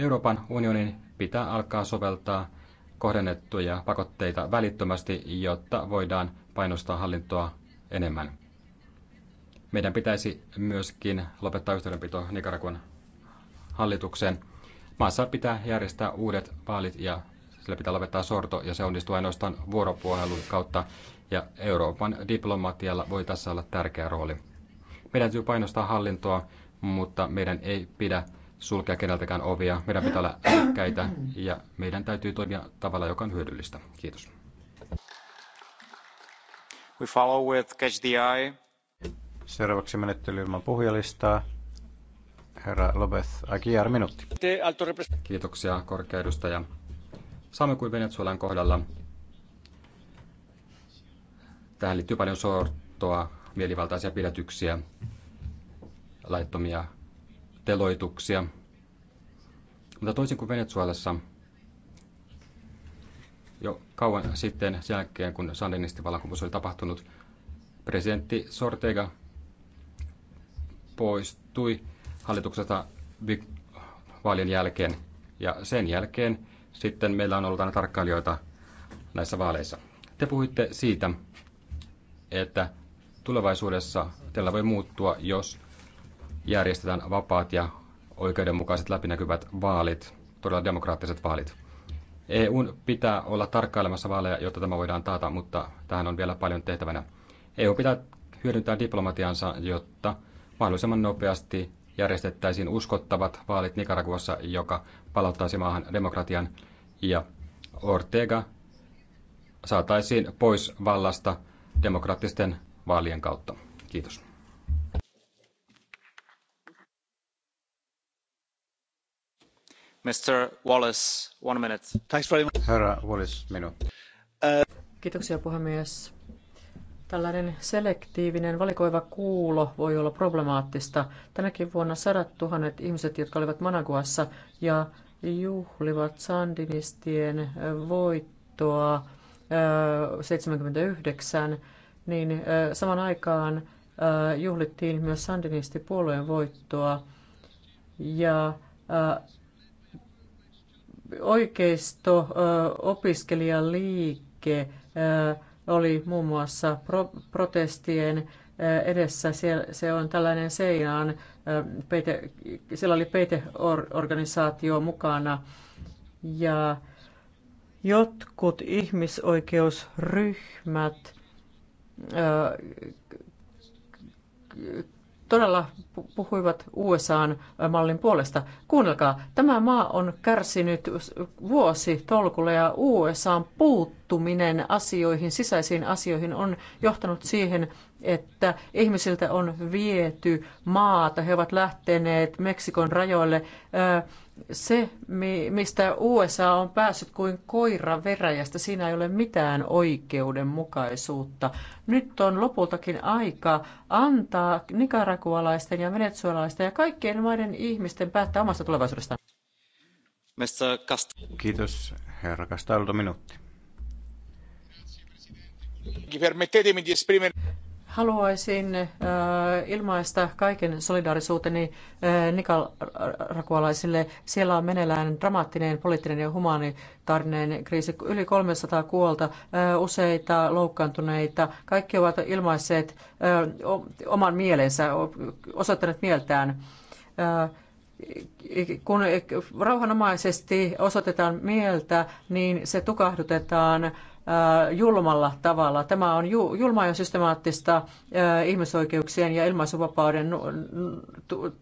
Euroopan unionin pitää alkaa soveltaa kohdennettuja pakotteita välittömästi, jotta voidaan painostaa hallintoa enemmän. Meidän pitäisi myöskin lopettaa yhteydenpito Nicaraguan hallitukseen. Maassa pitää järjestää uudet vaalit ja sillä pitää lopettaa sorto ja se onnistuu ainoastaan vuoropuhelun kautta ja Euroopan diplomatialla voi tässä olla tärkeä rooli. Meidän täytyy painostaa hallintoa, mutta meidän ei pidä sulkea keneltäkään ovia. Meidän pitää olla älykkäitä ja meidän täytyy toimia tavalla, joka on hyödyllistä. Kiitos. We follow with catch the eye. Seuraavaksi menettely ilman puhujalistaa. Herra Lopez Aguiar, minuutti. Kiitoksia, korkea edustaja. Samoin kuin Venezuelan kohdalla, tähän liittyy paljon sortoa, mielivaltaisia pidätyksiä, laittomia teloituksia. Mutta toisin kuin Venezuelassa, jo kauan sitten sen jälkeen, kun vallankumous oli tapahtunut, presidentti Sortega poistui hallituksesta vaalien jälkeen. Ja sen jälkeen sitten meillä on ollut aina tarkkailijoita näissä vaaleissa. Te puhuitte siitä, että tulevaisuudessa tällä voi muuttua, jos järjestetään vapaat ja oikeudenmukaiset läpinäkyvät vaalit, todella demokraattiset vaalit. EUn pitää olla tarkkailemassa vaaleja, jotta tämä voidaan taata, mutta tähän on vielä paljon tehtävänä. EU pitää hyödyntää diplomatiansa, jotta mahdollisimman nopeasti järjestettäisiin uskottavat vaalit Nicaraguassa, joka palauttaisi maahan demokratian ja Ortega saataisiin pois vallasta demokraattisten vaalien kautta. Kiitos. arvoisa Herra Wallace, uh, Kiitoksia puhemies. Tällainen selektiivinen valikoiva kuulo voi olla problemaattista. Tänäkin vuonna sadat tuhannet ihmiset, jotka olivat Managuassa ja juhlivat sandinistien äh, voittoa 79, äh, niin äh, saman aikaan juhlittiin myös sandinistipuolueen voittoa ja oikeisto opiskelijaliike oli muun muassa protestien edessä. Se on tällainen seinaan. peite, siellä oli peiteorganisaatio mukana ja jotkut ihmisoikeusryhmät todella puhuivat usa mallin puolesta. Kuunnelkaa, tämä maa on kärsinyt vuosi tolkulla ja USA puuttunut puuttuminen asioihin, sisäisiin asioihin on johtanut siihen, että ihmisiltä on viety maata, he ovat lähteneet Meksikon rajoille. Se, mistä USA on päässyt kuin koira veräjästä, siinä ei ole mitään oikeudenmukaisuutta. Nyt on lopultakin aika antaa nikarakualaisten ja venezuelalaisten ja kaikkien maiden ihmisten päättää omasta tulevaisuudestaan. Kiitos, herra Castaldo, minuutti. Haluaisin äh, ilmaista kaiken solidaarisuuteni äh, nikarakualaisille. Siellä on meneillään dramaattinen poliittinen ja humanitaarinen kriisi. Yli 300 kuolta, äh, useita loukkaantuneita. Kaikki ovat ilmaisseet äh, oman mielensä, osoittaneet mieltään. Äh, kun rauhanomaisesti osoitetaan mieltä, niin se tukahdutetaan Äh, julmalla tavalla. Tämä on julmaa ja systemaattista äh, ihmisoikeuksien ja ilmaisuvapauden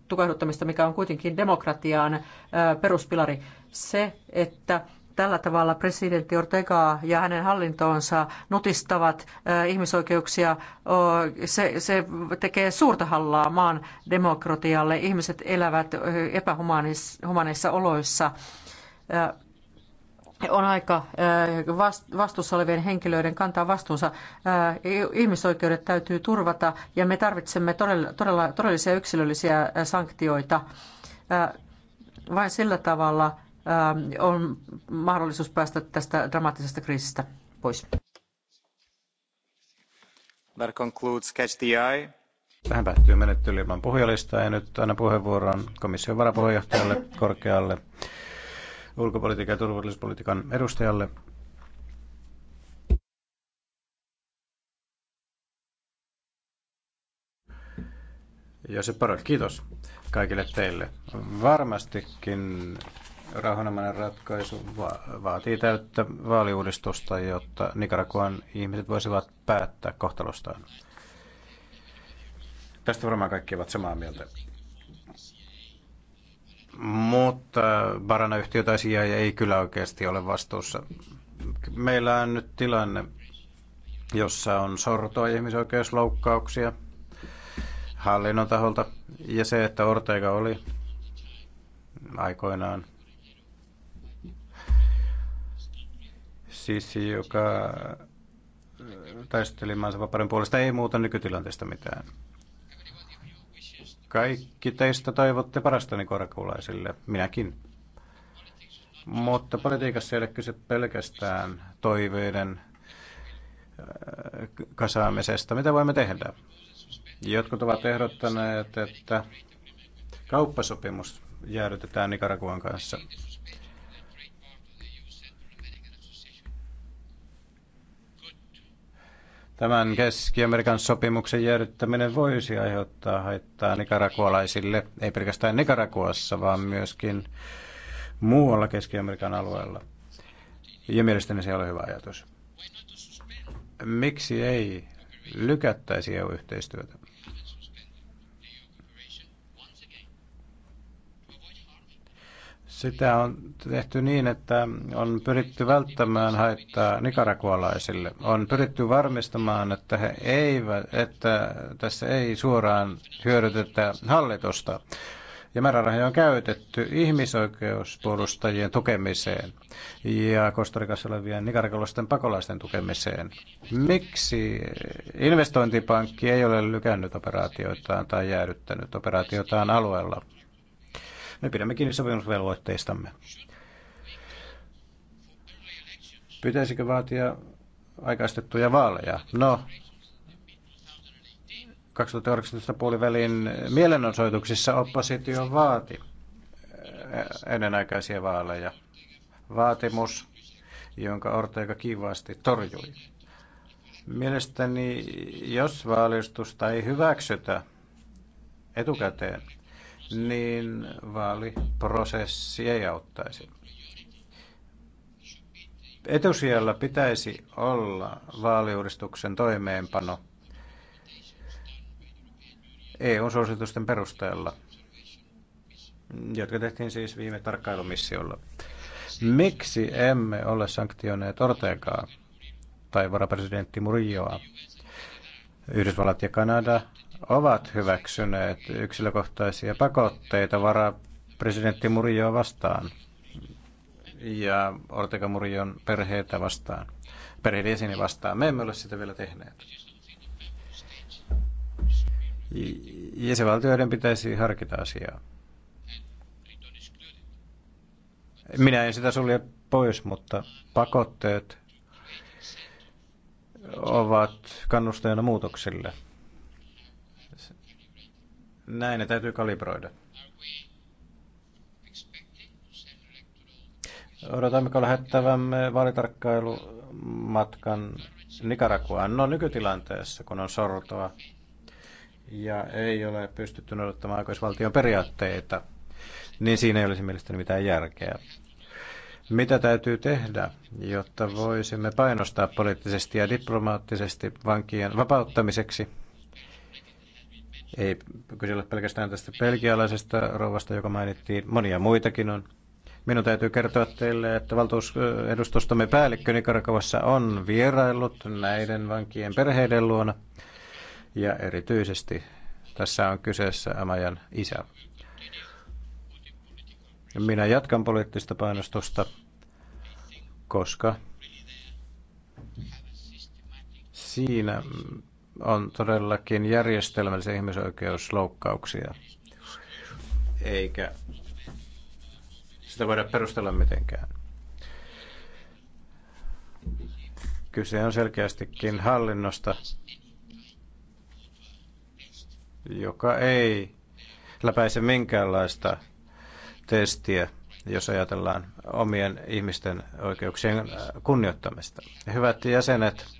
tukahduttamista, mikä on kuitenkin demokratiaan äh, peruspilari. Se, että tällä tavalla presidentti Ortega ja hänen hallintoonsa nutistavat ihmisoikeuksia. Se, se tekee suurta hallaa maan demokratialle. Ihmiset elävät epähumaneissa oloissa on aika äh, vastuussa olevien henkilöiden kantaa vastuunsa. Äh, ihmisoikeudet täytyy turvata ja me tarvitsemme todella, todella, todellisia yksilöllisiä äh, sanktioita. Vain sillä tavalla on mahdollisuus päästä tästä dramaattisesta kriisistä pois. That concludes Catch the Eye. Tähän päättyy menettely ilman puhujalistaa ja nyt aina puheenvuoron komission varapuheenjohtajalle korkealle ulkopolitiikan ja turvallisuuspolitiikan edustajalle. se Parot, kiitos kaikille teille. Varmastikin rauhanomainen ratkaisu va- vaatii täyttä vaaliuudistusta, jotta Nicaraguan ihmiset voisivat päättää kohtalostaan. Tästä varmaan kaikki ovat samaa mieltä mutta Barana-yhtiö tai CIA ei kyllä oikeasti ole vastuussa. Meillä on nyt tilanne, jossa on sortoa ihmisoikeusloukkauksia hallinnon taholta. Ja se, että Ortega oli aikoinaan siis joka taisteli maansa vapauden puolesta, ei muuta nykytilanteesta mitään. Kaikki teistä toivotte parastani korkulaisille, minäkin. Mutta politiikassa ei ole kyse pelkästään toiveiden äh, kasaamisesta. Mitä voimme tehdä? Jotkut ovat ehdottaneet, että kauppasopimus jäädytetään Nicaraguan kanssa. Tämän Keski-Amerikan sopimuksen jäädyttäminen voisi aiheuttaa haittaa nikarakualaisille, ei pelkästään Nikarakuassa, vaan myöskin muualla Keski-Amerikan alueella. Ja mielestäni se ei ole hyvä ajatus. Miksi ei lykättäisi EU-yhteistyötä? Sitä on tehty niin, että on pyritty välttämään haittaa nikarakualaisille. On pyritty varmistamaan, että, he eivät, että tässä ei suoraan hyödytetä hallitusta. Ja määrärahoja on käytetty ihmisoikeuspuolustajien tukemiseen ja Kostarikassa olevien nikarakalaisten pakolaisten tukemiseen. Miksi investointipankki ei ole lykännyt operaatioitaan tai jäädyttänyt operaatioitaan alueella? Me pidämme kiinni sopimusvelvoitteistamme. Pitäisikö vaatia aikaistettuja vaaleja? No, 2018 puolivälin mielenosoituksissa oppositio vaati ennenaikaisia vaaleja. Vaatimus, jonka Ortega kiivaasti torjui. Mielestäni, jos vaalistusta ei hyväksytä etukäteen, niin vaaliprosessi ei auttaisi. Etusijalla pitäisi olla vaaliuudistuksen toimeenpano EU-suositusten perusteella, jotka tehtiin siis viime tarkkailumissiolla. Miksi emme ole sanktioineet Ortegaa tai varapresidentti Murilloa? Yhdysvallat ja Kanada ovat hyväksyneet yksilökohtaisia pakotteita varapresidentti Murjoa vastaan ja Ortega Murjon perheitä vastaan, perheiden jäseni vastaan. Me emme ole sitä vielä tehneet. Jäsenvaltioiden pitäisi harkita asiaa. Minä en sitä sulje pois, mutta pakotteet ovat kannusteena muutoksille. Näin ne täytyy kalibroida. Odotammeko lähettävämme vaalitarkkailumatkan Nicaraguaan? No nykytilanteessa, kun on sortoa ja ei ole pystytty noudattamaan oikeusvaltion periaatteita, niin siinä ei olisi mielestäni mitään järkeä. Mitä täytyy tehdä, jotta voisimme painostaa poliittisesti ja diplomaattisesti vankien vapauttamiseksi ei kyse pelkästään tästä pelkialaisesta rouvasta, joka mainittiin. Monia muitakin on. Minun täytyy kertoa teille, että valtuusedustustamme päällikkö Nikarkovassa on vieraillut näiden vankien perheiden luona. Ja erityisesti tässä on kyseessä Amajan isä. Minä jatkan poliittista painostusta, koska siinä on todellakin järjestelmällisiä ihmisoikeusloukkauksia, eikä sitä voida perustella mitenkään. Kyse on selkeästikin hallinnosta, joka ei läpäise minkäänlaista testiä, jos ajatellaan omien ihmisten oikeuksien kunnioittamista. Hyvät jäsenet,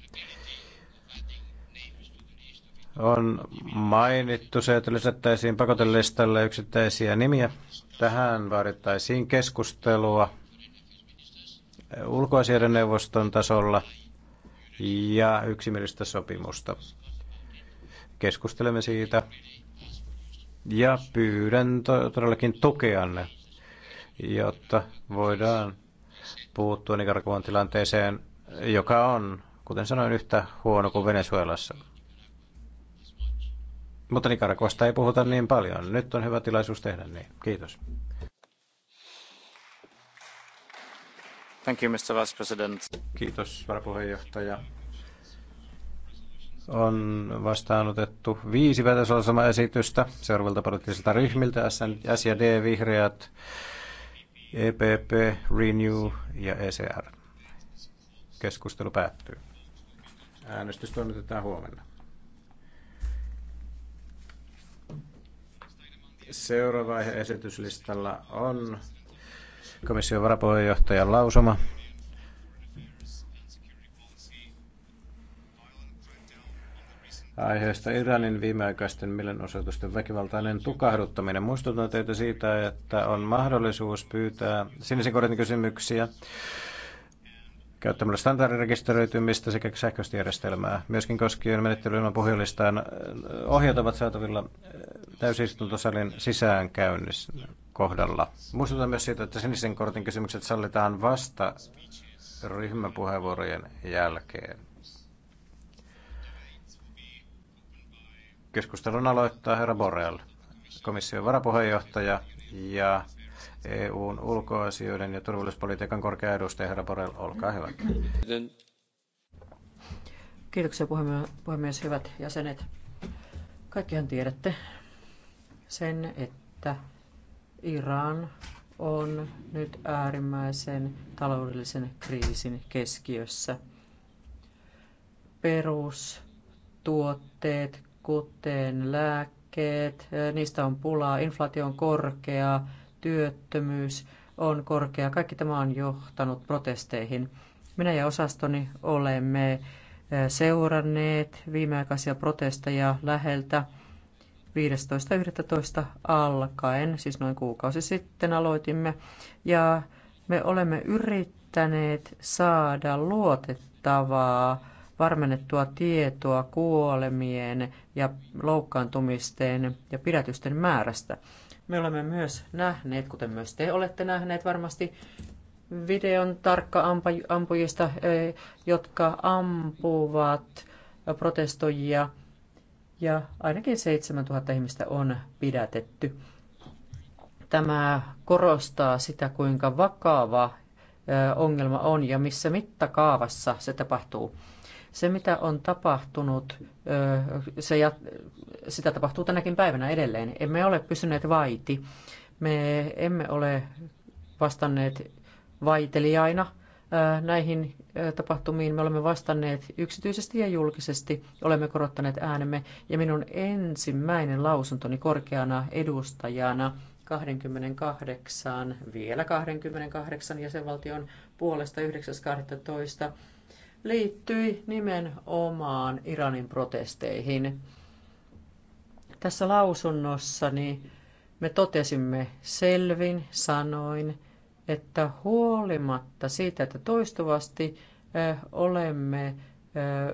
on mainittu se, että lisättäisiin pakotelistalle yksittäisiä nimiä. Tähän vaadittaisiin keskustelua ulkoasioiden neuvoston tasolla ja yksimielistä sopimusta. Keskustelemme siitä ja pyydän todellakin tukeanne, jotta voidaan puuttua Nicaraguan tilanteeseen, joka on, kuten sanoin, yhtä huono kuin Venezuelassa. Mutta Nicaraguasta ei puhuta niin paljon. Nyt on hyvä tilaisuus tehdä niin. Kiitos. Thank you, Mr. Vice President. Kiitos, varapuheenjohtaja. On vastaanotettu viisi esitystä seuraavilta poliittisilta ryhmiltä, S ja D, Vihreät, EPP, Renew ja ECR. Keskustelu päättyy. Äänestys toimitetaan huomenna. Seuraava aihe esityslistalla on komission varapuheenjohtajan lausuma. Aiheesta Iranin viimeaikaisten mielenosoitusten väkivaltainen tukahduttaminen. Muistutan teitä siitä, että on mahdollisuus pyytää sinisen kortin kysymyksiä käyttämällä standardirekisteröitymistä sekä sähköistä järjestelmää. Myöskin koskien menettelyilman pohjallistaan äh, ohjeet ovat saatavilla äh, täysistuntosalin sisäänkäynnissä kohdalla. Muistutan myös siitä, että sinisen kortin kysymykset sallitaan vasta ryhmäpuheenvuorojen jälkeen. Keskustelun aloittaa herra Borrell, komission varapuheenjohtaja ja EUn ulkoasioiden ja turvallisuuspolitiikan korkea edustaja, herra Borrell, olkaa hyvä. Kiitoksia puhemies, hyvät jäsenet. Kaikkihan tiedätte sen, että Iran on nyt äärimmäisen taloudellisen kriisin keskiössä. Perustuotteet, kuten lääkkeet, niistä on pulaa, inflaatio on korkea, työttömyys on korkea. Kaikki tämä on johtanut protesteihin. Minä ja osastoni olemme eh, seuranneet viimeaikaisia protesteja läheltä 15.11. alkaen, siis noin kuukausi sitten aloitimme, ja me olemme yrittäneet saada luotettavaa, varmennettua tietoa kuolemien ja loukkaantumisten ja pidätysten määrästä. Me olemme myös nähneet, kuten myös te olette nähneet varmasti, videon tarkka ampujista, eh, jotka ampuvat protestoijia. Ja ainakin 7000 ihmistä on pidätetty. Tämä korostaa sitä, kuinka vakava eh, ongelma on ja missä mittakaavassa se tapahtuu. Se, mitä on tapahtunut, se, sitä tapahtuu tänäkin päivänä edelleen. Emme ole pysyneet vaiti. Me emme ole vastanneet vaitelijaina näihin tapahtumiin. Me olemme vastanneet yksityisesti ja julkisesti, olemme korottaneet äänemme. Ja minun ensimmäinen lausuntoni korkeana edustajana 28, vielä 28 jäsenvaltion puolesta 9.12 liittyi nimenomaan Iranin protesteihin. Tässä lausunnossani me totesimme selvin sanoin, että huolimatta siitä, että toistuvasti olemme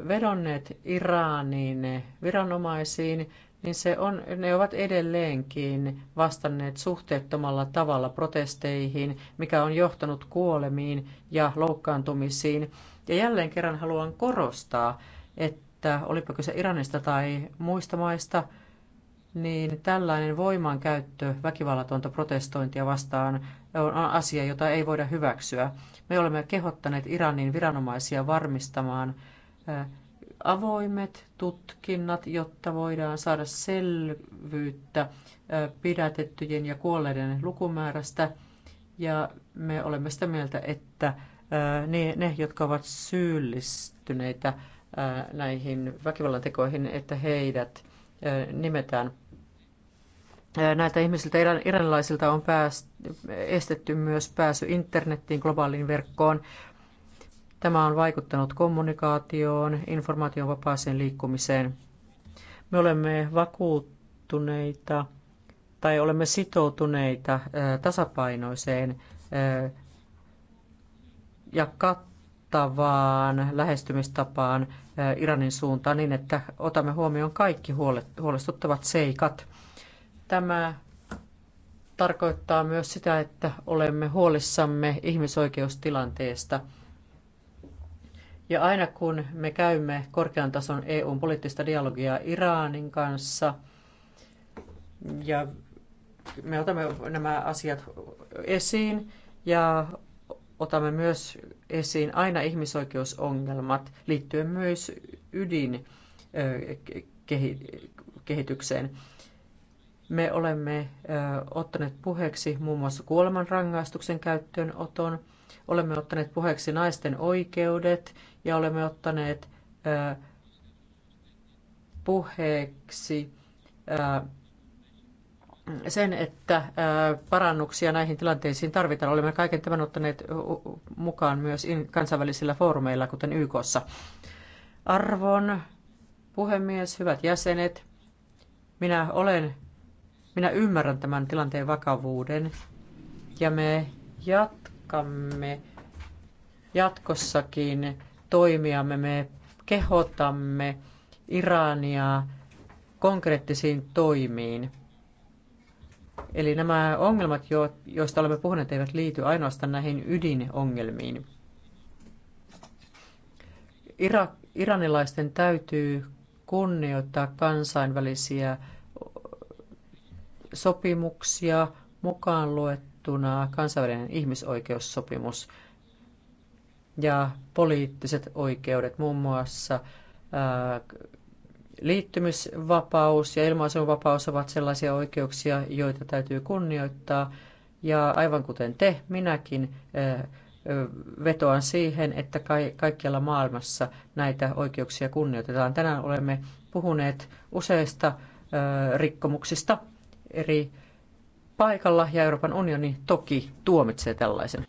vedonneet Iraniin viranomaisiin, niin se on, ne ovat edelleenkin vastanneet suhteettomalla tavalla protesteihin, mikä on johtanut kuolemiin ja loukkaantumisiin. Ja jälleen kerran haluan korostaa, että olipa kyse Iranista tai muista maista, niin tällainen voimankäyttö väkivallatonta protestointia vastaan on asia, jota ei voida hyväksyä. Me olemme kehottaneet Iranin viranomaisia varmistamaan avoimet tutkinnat, jotta voidaan saada selvyyttä pidätettyjen ja kuolleiden lukumäärästä. Ja me olemme sitä mieltä, että ne, ne jotka ovat syyllistyneitä näihin väkivallan tekoihin, että heidät nimetään. Näiltä ihmisiltä, iranilaisilta on pääst, estetty myös pääsy internettiin, globaaliin verkkoon. Tämä on vaikuttanut kommunikaatioon, informaation vapaaseen liikkumiseen. Me olemme vakuuttuneita tai olemme sitoutuneita tasapainoiseen ja kattavaan lähestymistapaan Iranin suuntaan niin, että otamme huomioon kaikki huolestuttavat seikat. Tämä tarkoittaa myös sitä, että olemme huolissamme ihmisoikeustilanteesta. Ja aina kun me käymme korkean tason EUn poliittista dialogia Iranin kanssa ja me otamme nämä asiat esiin ja otamme myös esiin aina ihmisoikeusongelmat liittyen myös ydinkehitykseen. Me olemme ottaneet puheeksi muun muassa kuolemanrangaistuksen käyttöönoton, olemme ottaneet puheeksi naisten oikeudet ja olemme ottaneet puheeksi sen, että parannuksia näihin tilanteisiin tarvitaan. Olemme kaiken tämän ottaneet mukaan myös kansainvälisillä foorumeilla, kuten YKssa. Arvon puhemies, hyvät jäsenet, minä olen, minä ymmärrän tämän tilanteen vakavuuden ja me jatkamme jatkossakin toimiamme, me kehotamme Irania konkreettisiin toimiin. Eli nämä ongelmat, joista olemme puhuneet, eivät liity ainoastaan näihin ydinongelmiin. Irak, iranilaisten täytyy kunnioittaa kansainvälisiä sopimuksia, mukaan luettuna kansainvälinen ihmisoikeussopimus ja poliittiset oikeudet, muun muassa Liittymisvapaus ja ilmaisunvapaus ovat sellaisia oikeuksia, joita täytyy kunnioittaa. Ja aivan kuten te, minäkin vetoan siihen, että kaikkialla maailmassa näitä oikeuksia kunnioitetaan. Tänään olemme puhuneet useista rikkomuksista eri paikalla ja Euroopan unioni toki tuomitsee tällaisen.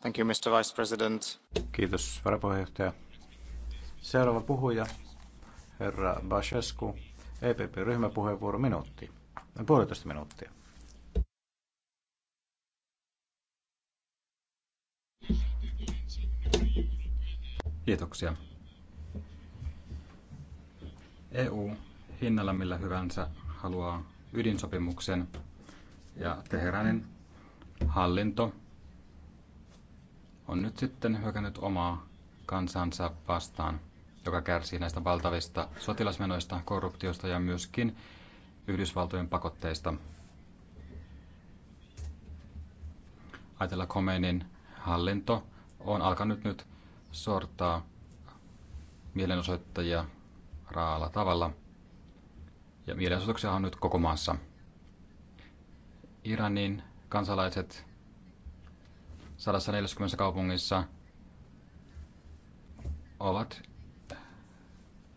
Thank you, Mr. Vice President. Kiitos, varapuheenjohtaja. Seuraava puhuja Herra Bashescu, EPP-ryhmäpuheenvuoro minuutti, puolitoista minuuttia. Kiitoksia. EU hinnalla millä hyvänsä haluaa ydinsopimuksen ja Teheranin hallinto on nyt sitten hyökännyt omaa kansansa vastaan – joka kärsii näistä valtavista sotilasmenoista, korruptiosta ja myöskin Yhdysvaltojen pakotteista. Ajatella Khomeinin hallinto on alkanut nyt sortaa mielenosoittajia raalla tavalla. Ja mielenosoituksia on nyt koko maassa. Iranin kansalaiset 140 kaupungissa ovat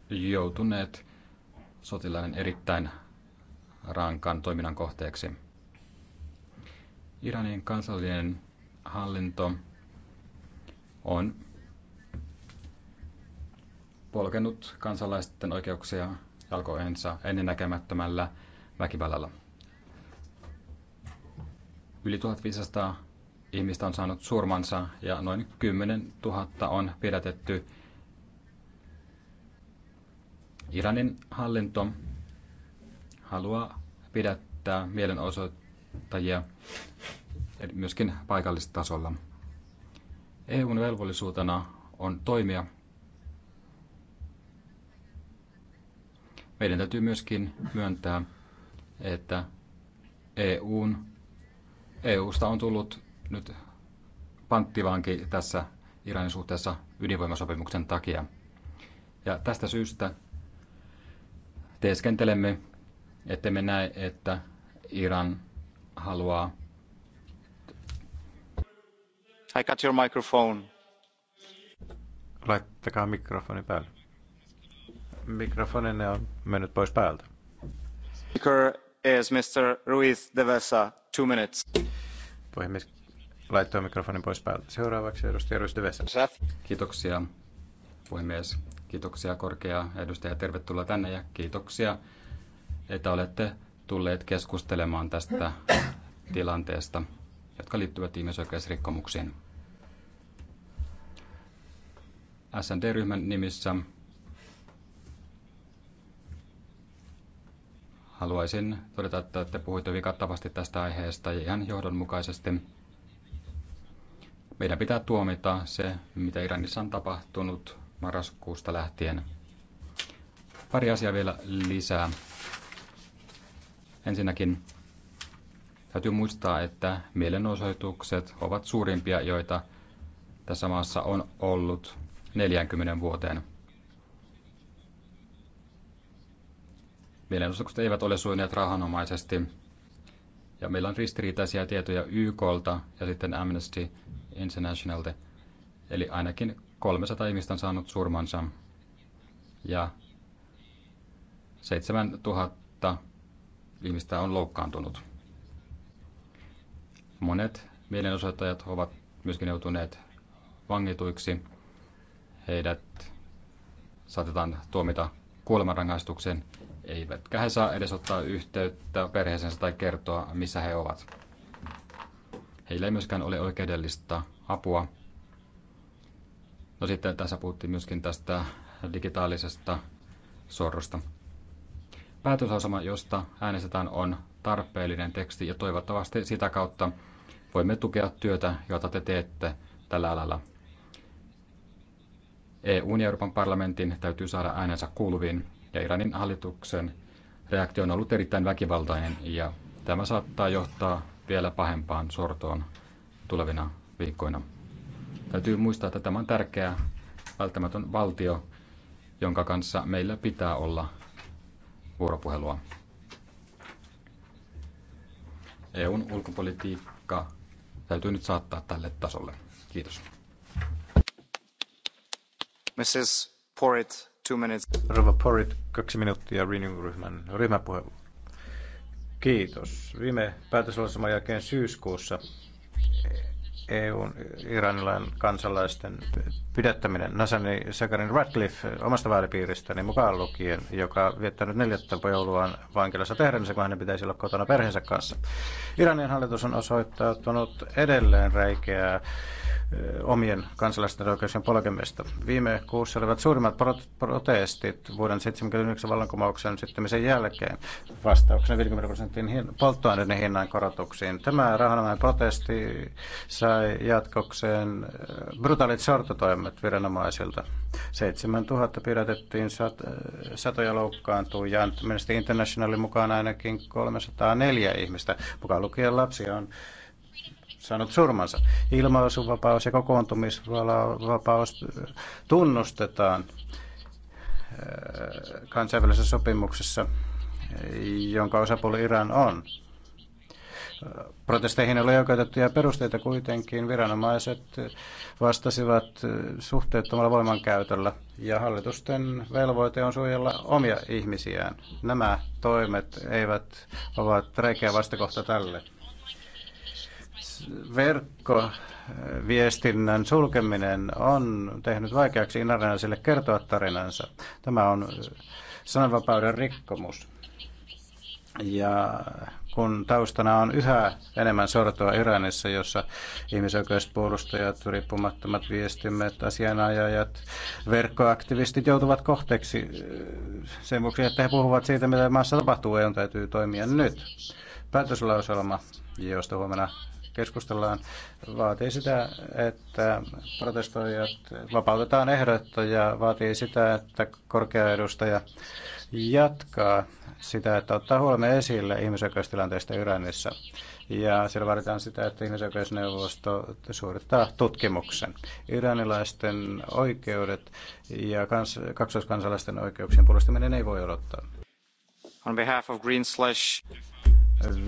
joutuneet sotilaiden erittäin rankan toiminnan kohteeksi. Iranin kansallinen hallinto on polkenut kansalaisten oikeuksia jalkoensa ennennäkemättömällä väkivallalla. Yli 1500 ihmistä on saanut surmansa ja noin 10 000 on pidätetty Iranin hallinto haluaa pidättää mielenosoittajia myöskin paikallistasolla. EUn velvollisuutena on toimia. Meidän täytyy myöskin myöntää, että EUn, EUsta on tullut nyt panttivaankin tässä Iranin suhteessa ydinvoimasopimuksen takia. Ja tästä syystä teeskentelemme, että me näe, että Iran haluaa. I got your microphone. Laittakaa mikrofoni päälle. Mikrofoninne on mennyt pois päältä. Speaker is Mr. Ruiz de Vesa, two minutes. Puhemies laittoi mikrofonin pois päältä. Seuraavaksi edustaja Ruiz de Vesa. Kiitoksia, puhemies. Kiitoksia korkea edustaja, tervetuloa tänne ja kiitoksia, että olette tulleet keskustelemaan tästä tilanteesta, jotka liittyvät ihmisoikeusrikkomuksiin. SND-ryhmän nimissä haluaisin todeta, että te puhuitte hyvin kattavasti tästä aiheesta ja ihan johdonmukaisesti. Meidän pitää tuomita se, mitä Iranissa on tapahtunut marraskuusta lähtien. Pari asiaa vielä lisää. Ensinnäkin täytyy muistaa, että mielenosoitukset ovat suurimpia, joita tässä maassa on ollut 40 vuoteen. Mielenosoitukset eivät ole suunneet rahanomaisesti. Ja meillä on ristiriitaisia tietoja YKlta ja sitten Amnesty Internationalta. Eli ainakin 300 ihmistä on saanut surmansa ja 7000 ihmistä on loukkaantunut. Monet mielenosoittajat ovat myöskin joutuneet vangituiksi. Heidät saatetaan tuomita kuolemanrangaistuksen, eivätkä he saa edes ottaa yhteyttä perheeseensä tai kertoa, missä he ovat. Heillä ei myöskään ole oikeudellista apua No sitten tässä puhuttiin myöskin tästä digitaalisesta sorrosta. Päätösasema, josta äänestetään, on tarpeellinen teksti ja toivottavasti sitä kautta voimme tukea työtä, jota te teette tällä alalla. eu ja Euroopan parlamentin täytyy saada äänensä kuuluviin ja Iranin hallituksen reaktio on ollut erittäin väkivaltainen ja tämä saattaa johtaa vielä pahempaan sortoon tulevina viikkoina. Täytyy muistaa, että tämä on tärkeä välttämätön valtio, jonka kanssa meillä pitää olla vuoropuhelua. EUn ulkopolitiikka täytyy nyt saattaa tälle tasolle. Kiitos. Mrs. Porit, two minutes. Rova Porit, kaksi minuuttia Renew-ryhmän ryhmäpuhelu. Kiitos. Viime päätöslauselman jälkeen syyskuussa EUn iranilainen kansalaisten pidättäminen. Nasani Sakarin Radcliffe omasta vaalipiiristäni mukaan lukien, joka viettänyt neljättä jouluaan vankilassa Teheranissä, kun hänen pitäisi olla kotona perheensä kanssa. Iranin hallitus on osoittautunut edelleen räikeää omien kansalaisten oikeuksien polkemista. Viime kuussa olivat suurimmat protestit vuoden 79 vallankumouksen syttymisen jälkeen vastauksena 50 prosentin hin- polttoaineiden hinnan korotuksiin. Tämä rahanomainen protesti sai jatkokseen brutaalit sortotoimet viranomaisilta. 7000 pidätettiin, sat- satoja loukkaantui ja Amnesty Internationalin mukaan ainakin 304 ihmistä, mukaan lukien lapsia, on saanut surmansa. Ilmaisuvapaus ja kokoontumisvapaus tunnustetaan äh, kansainvälisessä sopimuksessa, jonka osapuoli Iran on. Protesteihin oli oikeutettuja perusteita kuitenkin. Viranomaiset vastasivat äh, suhteettomalla voimankäytöllä ja hallitusten velvoite on suojella omia ihmisiään. Nämä toimet eivät ovat räikeä vastakohta tälle verkkoviestinnän äh, sulkeminen on tehnyt vaikeaksi Inarinaisille kertoa tarinansa. Tämä on äh, sananvapauden rikkomus. Ja kun taustana on yhä enemmän sortoa Iranissa, jossa ihmisoikeuspuolustajat, riippumattomat viestimet, asianajajat, verkkoaktivistit joutuvat kohteeksi äh, sen vuoksi, että he puhuvat siitä, mitä maassa tapahtuu, ja e on täytyy toimia nyt. Päätöslauselma, josta huomenna keskustellaan, vaatii sitä, että protestoijat vapautetaan ehdotta ja vaatii sitä, että korkea edustaja jatkaa sitä, että ottaa huomioon esille ihmisoikeustilanteesta Iranissa. Ja siellä vaaditaan sitä, että ihmisoikeusneuvosto suorittaa tutkimuksen. Iranilaisten oikeudet ja kans- kaksoiskansalaisten oikeuksien puolustaminen ei voi odottaa. On behalf of Green Slash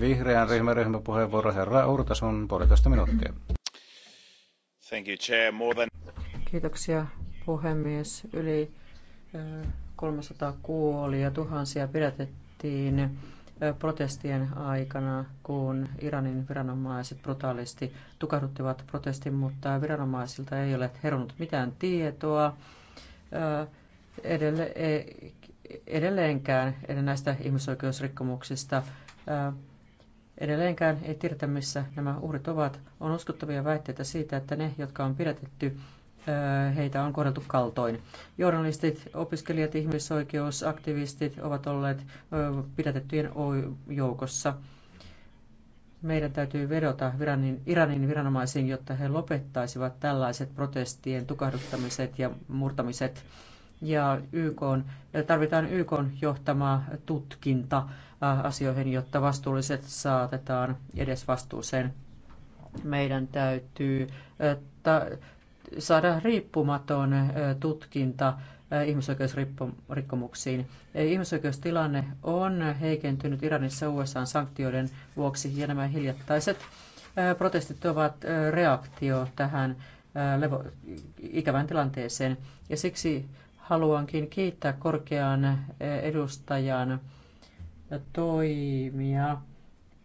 Vihreän ryhmän ryhmäpuheenvuoro herra Urtasun puolitoista minuuttia. Thank you, chair. More than... Kiitoksia puhemies. Yli 300 kuoli ja tuhansia pidätettiin protestien aikana, kun Iranin viranomaiset brutaalisti tukahduttivat protestin, mutta viranomaisilta ei ole herunut mitään tietoa. Edelle, e- edelleenkään näistä ihmisoikeusrikkomuksista Edelleenkään ei tiedetä, missä nämä uhrit ovat. On uskottavia väitteitä siitä, että ne, jotka on pidätetty, heitä on kohdeltu kaltoin. Journalistit, opiskelijat, ihmisoikeusaktivistit ovat olleet pidätettyjen joukossa. Meidän täytyy vedota Iranin, viranomaisiin, jotta he lopettaisivat tällaiset protestien tukahduttamiset ja murtamiset. Ja YK, on, tarvitaan YK johtama tutkinta Äh, asioihin, jotta vastuulliset saatetaan edes vastuuseen. Meidän täytyy äh, saada riippumaton äh, tutkinta ihmisoikeusrikkomuksiin. Ihmisoikeustilanne on heikentynyt Iranissa USA sanktioiden vuoksi ja nämä hiljattaiset protestit ovat reaktio tähän ikävään tilanteeseen. Ja siksi haluankin kiittää korkean edustajan toimia.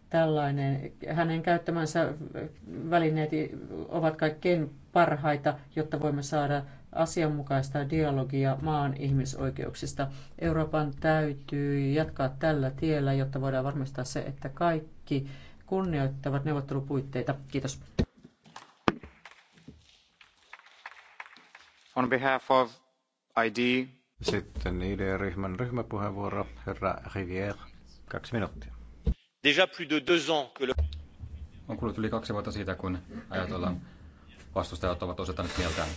Tällainen, hänen käyttämänsä välineet ovat kaikkein parhaita, jotta voimme saada asianmukaista dialogia maan ihmisoikeuksista. Euroopan täytyy jatkaa tällä tiellä, jotta voidaan varmistaa se, että kaikki kunnioittavat neuvottelupuitteita. Kiitos. On behalf of ID. Sitten ID-ryhmän ryhmäpuheenvuoro, herra Rivière. Kaksi minuuttia. Déjà plus de deux ans que le... On kulunut yli kaksi vuotta siitä, kun ajatellaan vastustajat ovat osoittaneet mieltään.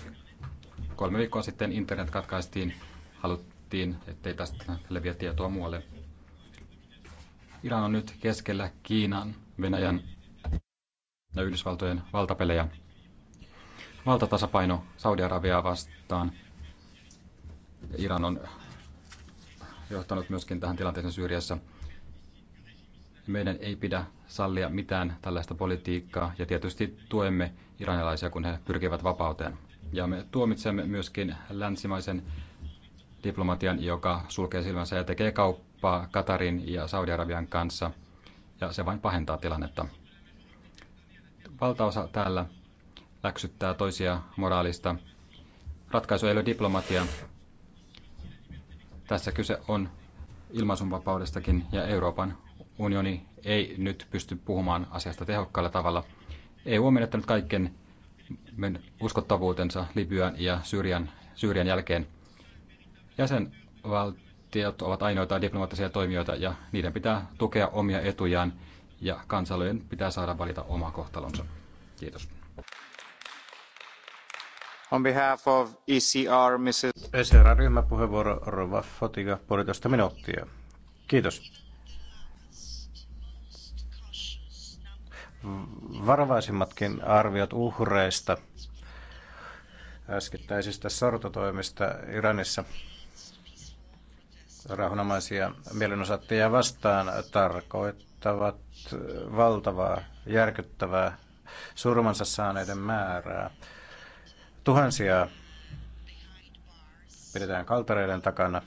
Kolme viikkoa sitten internet katkaistiin, haluttiin, ettei tästä leviä tietoa muualle. Iran on nyt keskellä Kiinan, Venäjän ja Yhdysvaltojen valtapelejä. Valtatasapaino Saudi-Arabiaa vastaan. Iran on johtanut myöskin tähän tilanteeseen Syyriassa. Meidän ei pidä sallia mitään tällaista politiikkaa ja tietysti tuemme iranilaisia, kun he pyrkivät vapauteen. Ja me tuomitsemme myöskin länsimaisen diplomatian, joka sulkee silmänsä ja tekee kauppaa Katarin ja Saudi-Arabian kanssa, ja se vain pahentaa tilannetta. Valtaosa täällä läksyttää toisia moraalista. Ratkaisu ei ole diplomatia. Tässä kyse on ilmaisunvapaudestakin ja Euroopan unioni ei nyt pysty puhumaan asiasta tehokkaalla tavalla. EU on menettänyt kaiken uskottavuutensa Libyan ja Syyrian, Syyrian jälkeen. Jäsenvaltiot ovat ainoita diplomaattisia toimijoita ja niiden pitää tukea omia etujaan ja kansalojen pitää saada valita oma kohtalonsa. Kiitos. On behalf of ECR, Mrs. ECR-ryhmäpuheenvuoro Rova Fotiga, puolitoista minuuttia. Kiitos. varovaisimmatkin arviot uhreista äskettäisistä sortotoimista Iranissa rauhanomaisia mielenosoittajia vastaan tarkoittavat valtavaa, järkyttävää surmansa saaneiden määrää. Tuhansia pidetään kaltareiden takana,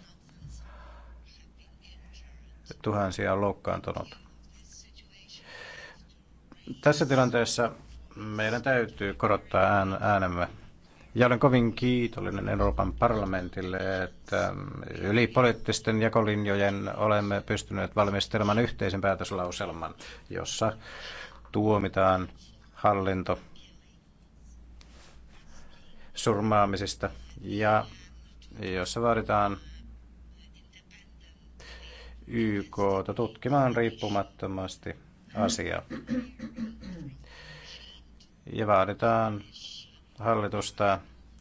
tuhansia on loukkaantunut. Tässä tilanteessa meidän täytyy korottaa ään, äänemme. Ja olen kovin kiitollinen Euroopan parlamentille, että yli poliittisten jakolinjojen olemme pystyneet valmistelemaan yhteisen päätöslauselman, jossa tuomitaan hallinto surmaamisesta ja jossa vaaditaan YK tutkimaan riippumattomasti asia. Ja vaaditaan hallitusta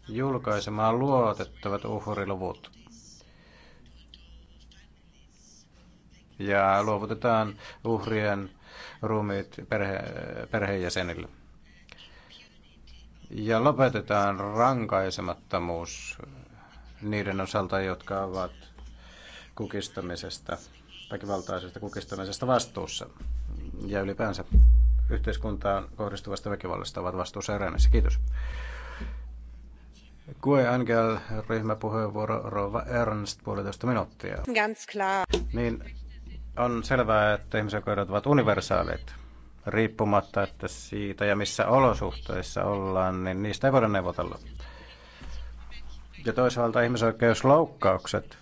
julkaisemaan luotettavat uhriluvut. Ja luovutetaan uhrien ruumiit perhe, perheenjäsenille. Ja lopetetaan rankaisemattomuus niiden osalta, jotka ovat kukistamisesta, väkivaltaisesta kukistamisesta vastuussa ja ylipäänsä yhteiskuntaan kohdistuvasta väkivallasta ovat vastuussa eräänässä. Kiitos. Kue Angel, ryhmäpuheenvuoro Rova Ernst, puolitoista minuuttia. Ganz klar. Niin on selvää, että ihmisoikeudet ovat universaalit. Riippumatta, että siitä ja missä olosuhteissa ollaan, niin niistä ei voida neuvotella. Ja toisaalta ihmisoikeusloukkaukset,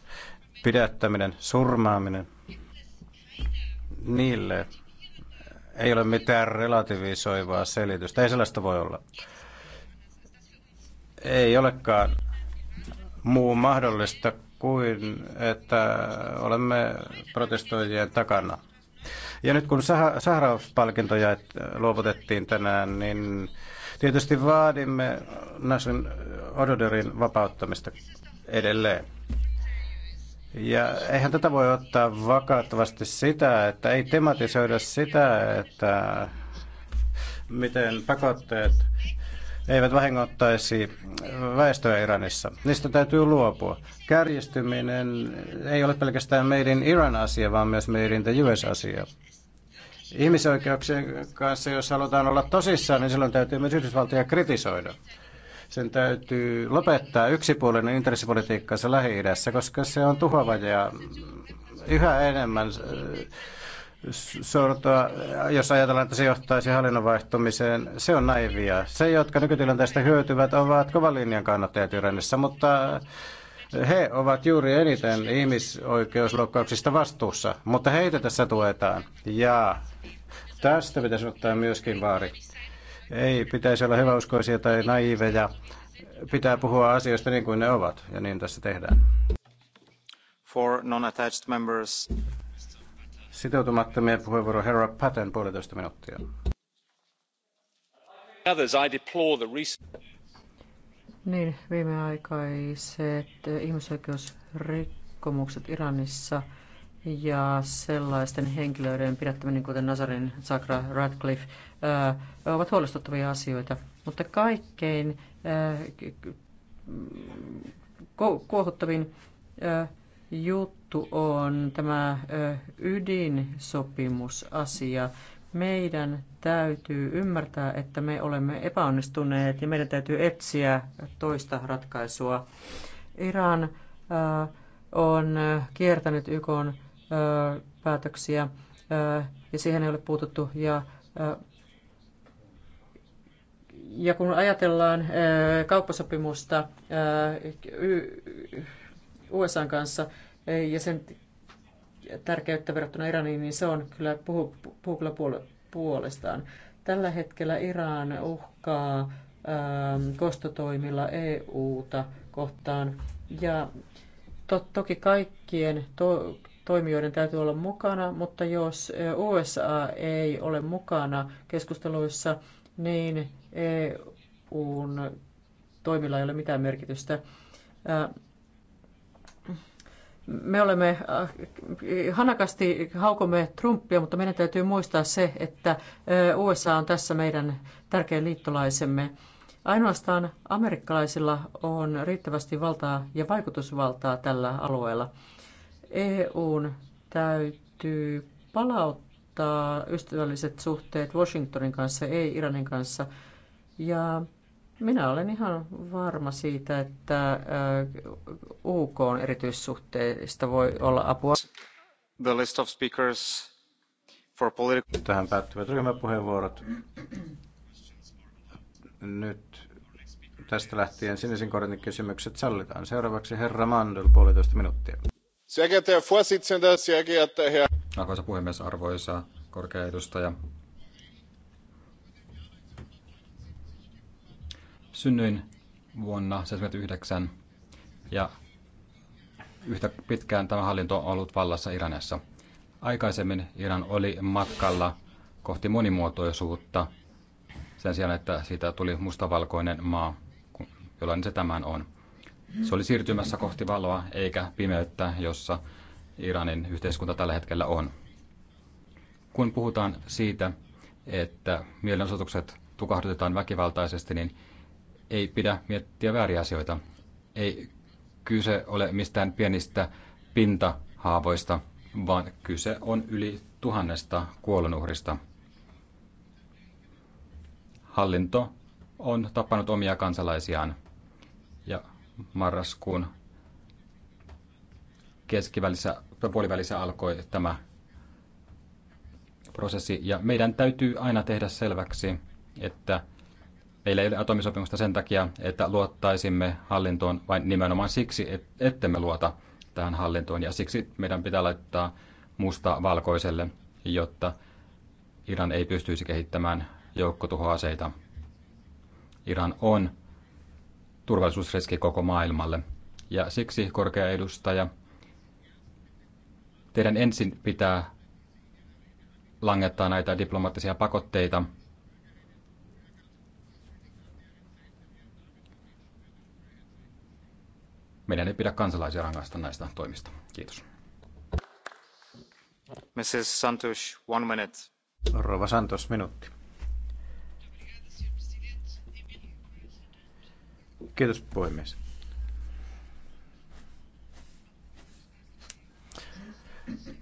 pidättäminen, surmaaminen, niille ei ole mitään relativisoivaa selitystä. Ei sellaista voi olla. Ei olekaan muu mahdollista kuin, että olemme protestoijien takana. Ja nyt kun Saharov-palkintoja äh, luovutettiin tänään, niin tietysti vaadimme Nasrin Ododerin vapauttamista edelleen. Ja eihän tätä voi ottaa vakavasti sitä, että ei tematisoida sitä, että miten pakotteet eivät vahingoittaisi väestöä Iranissa. Niistä täytyy luopua. Kärjistyminen ei ole pelkästään meidän Iran asia, vaan myös meidän the US asia. Ihmisoikeuksien kanssa, jos halutaan olla tosissaan, niin silloin täytyy myös Yhdysvaltoja kritisoida. Sen täytyy lopettaa yksipuolinen intressipolitiikkansa Lähi-idässä, koska se on tuhoava ja yhä enemmän äh, sortoa, jos ajatellaan, että se johtaisi hallinnon vaihtumiseen, se on naivia. Se, jotka nykytilanteesta hyötyvät, ovat kovan linjan kannattajat Iranissa, mutta he ovat juuri eniten ihmisoikeusloukkauksista vastuussa, mutta heitä tässä tuetaan. Ja tästä pitäisi ottaa myöskin vaari. Ei pitäisi olla hyväuskoisia tai naiveja. Pitää puhua asioista niin kuin ne ovat, ja niin tässä tehdään. For non-attached members. Sitoutumattomia puheenvuoro herra Patten puolitoista minuuttia. Others, I deplore the recent... Niin, viimeaikaiset ihmisoikeusrikkomukset Iranissa – ja sellaisten henkilöiden pidättäminen, kuten Nazarin sakra Radcliffe, ovat huolestuttavia asioita. Mutta kaikkein kuohuttavin juttu on tämä ydinsopimusasia. Meidän täytyy ymmärtää, että me olemme epäonnistuneet ja meidän täytyy etsiä toista ratkaisua. Iran on kiertänyt YK on päätöksiä ja siihen ei ole puututtu. Ja, ja kun ajatellaan kauppasopimusta USA kanssa ja sen tärkeyttä verrattuna Iraniin, niin se on kyllä, puhuu, puhuu kyllä puolestaan. Tällä hetkellä Iran uhkaa kostotoimilla EUta kohtaan. Ja to, toki kaikkien to, toimijoiden täytyy olla mukana, mutta jos e, USA ei ole mukana keskusteluissa, niin EUn toimilla ei ole mitään merkitystä. Me olemme hanakasti haukomme Trumpia, mutta meidän täytyy muistaa se, että USA on tässä meidän tärkein liittolaisemme. Ainoastaan amerikkalaisilla on riittävästi valtaa ja vaikutusvaltaa tällä alueella. EUn täytyy palauttaa ystävälliset suhteet Washingtonin kanssa, ei Iranin kanssa. Ja minä olen ihan varma siitä, että äh, UK on erityissuhteista voi olla apua. The list of speakers for political... Tähän päättyvät ryhmäpuheenvuorot. Nyt tästä lähtien sinisen kortin kysymykset sallitaan. Seuraavaksi herra Mandel, puolitoista minuuttia arvoisa puhemies arvoisa korkea edustaja synnyin vuonna 1979 ja yhtä pitkään tämä hallinto on ollut vallassa Iranissa. Aikaisemmin Iran oli matkalla kohti monimuotoisuutta sen sijaan, että siitä tuli mustavalkoinen maa, jollainen se tämän on. Se oli siirtymässä kohti valoa eikä pimeyttä, jossa Iranin yhteiskunta tällä hetkellä on. Kun puhutaan siitä, että mielenosoitukset tukahdutetaan väkivaltaisesti, niin ei pidä miettiä vääriä asioita. Ei kyse ole mistään pienistä pintahaavoista, vaan kyse on yli tuhannesta kuolonuhrista. Hallinto on tappanut omia kansalaisiaan ja marraskuun keskivälissä, puolivälissä alkoi tämä prosessi. Ja meidän täytyy aina tehdä selväksi, että meillä ei ole atomisopimusta sen takia, että luottaisimme hallintoon, vain nimenomaan siksi, että me luota tähän hallintoon. Ja siksi meidän pitää laittaa musta valkoiselle, jotta Iran ei pystyisi kehittämään joukkotuhoaseita. Iran on turvallisuusriski koko maailmalle. Ja siksi, korkea edustaja, teidän ensin pitää langettaa näitä diplomaattisia pakotteita. Meidän ei pidä kansalaisia rangaista näistä toimista. Kiitos. Mrs. Santos, one minute. Rova Santos, minuutti. Kiitos puhemies.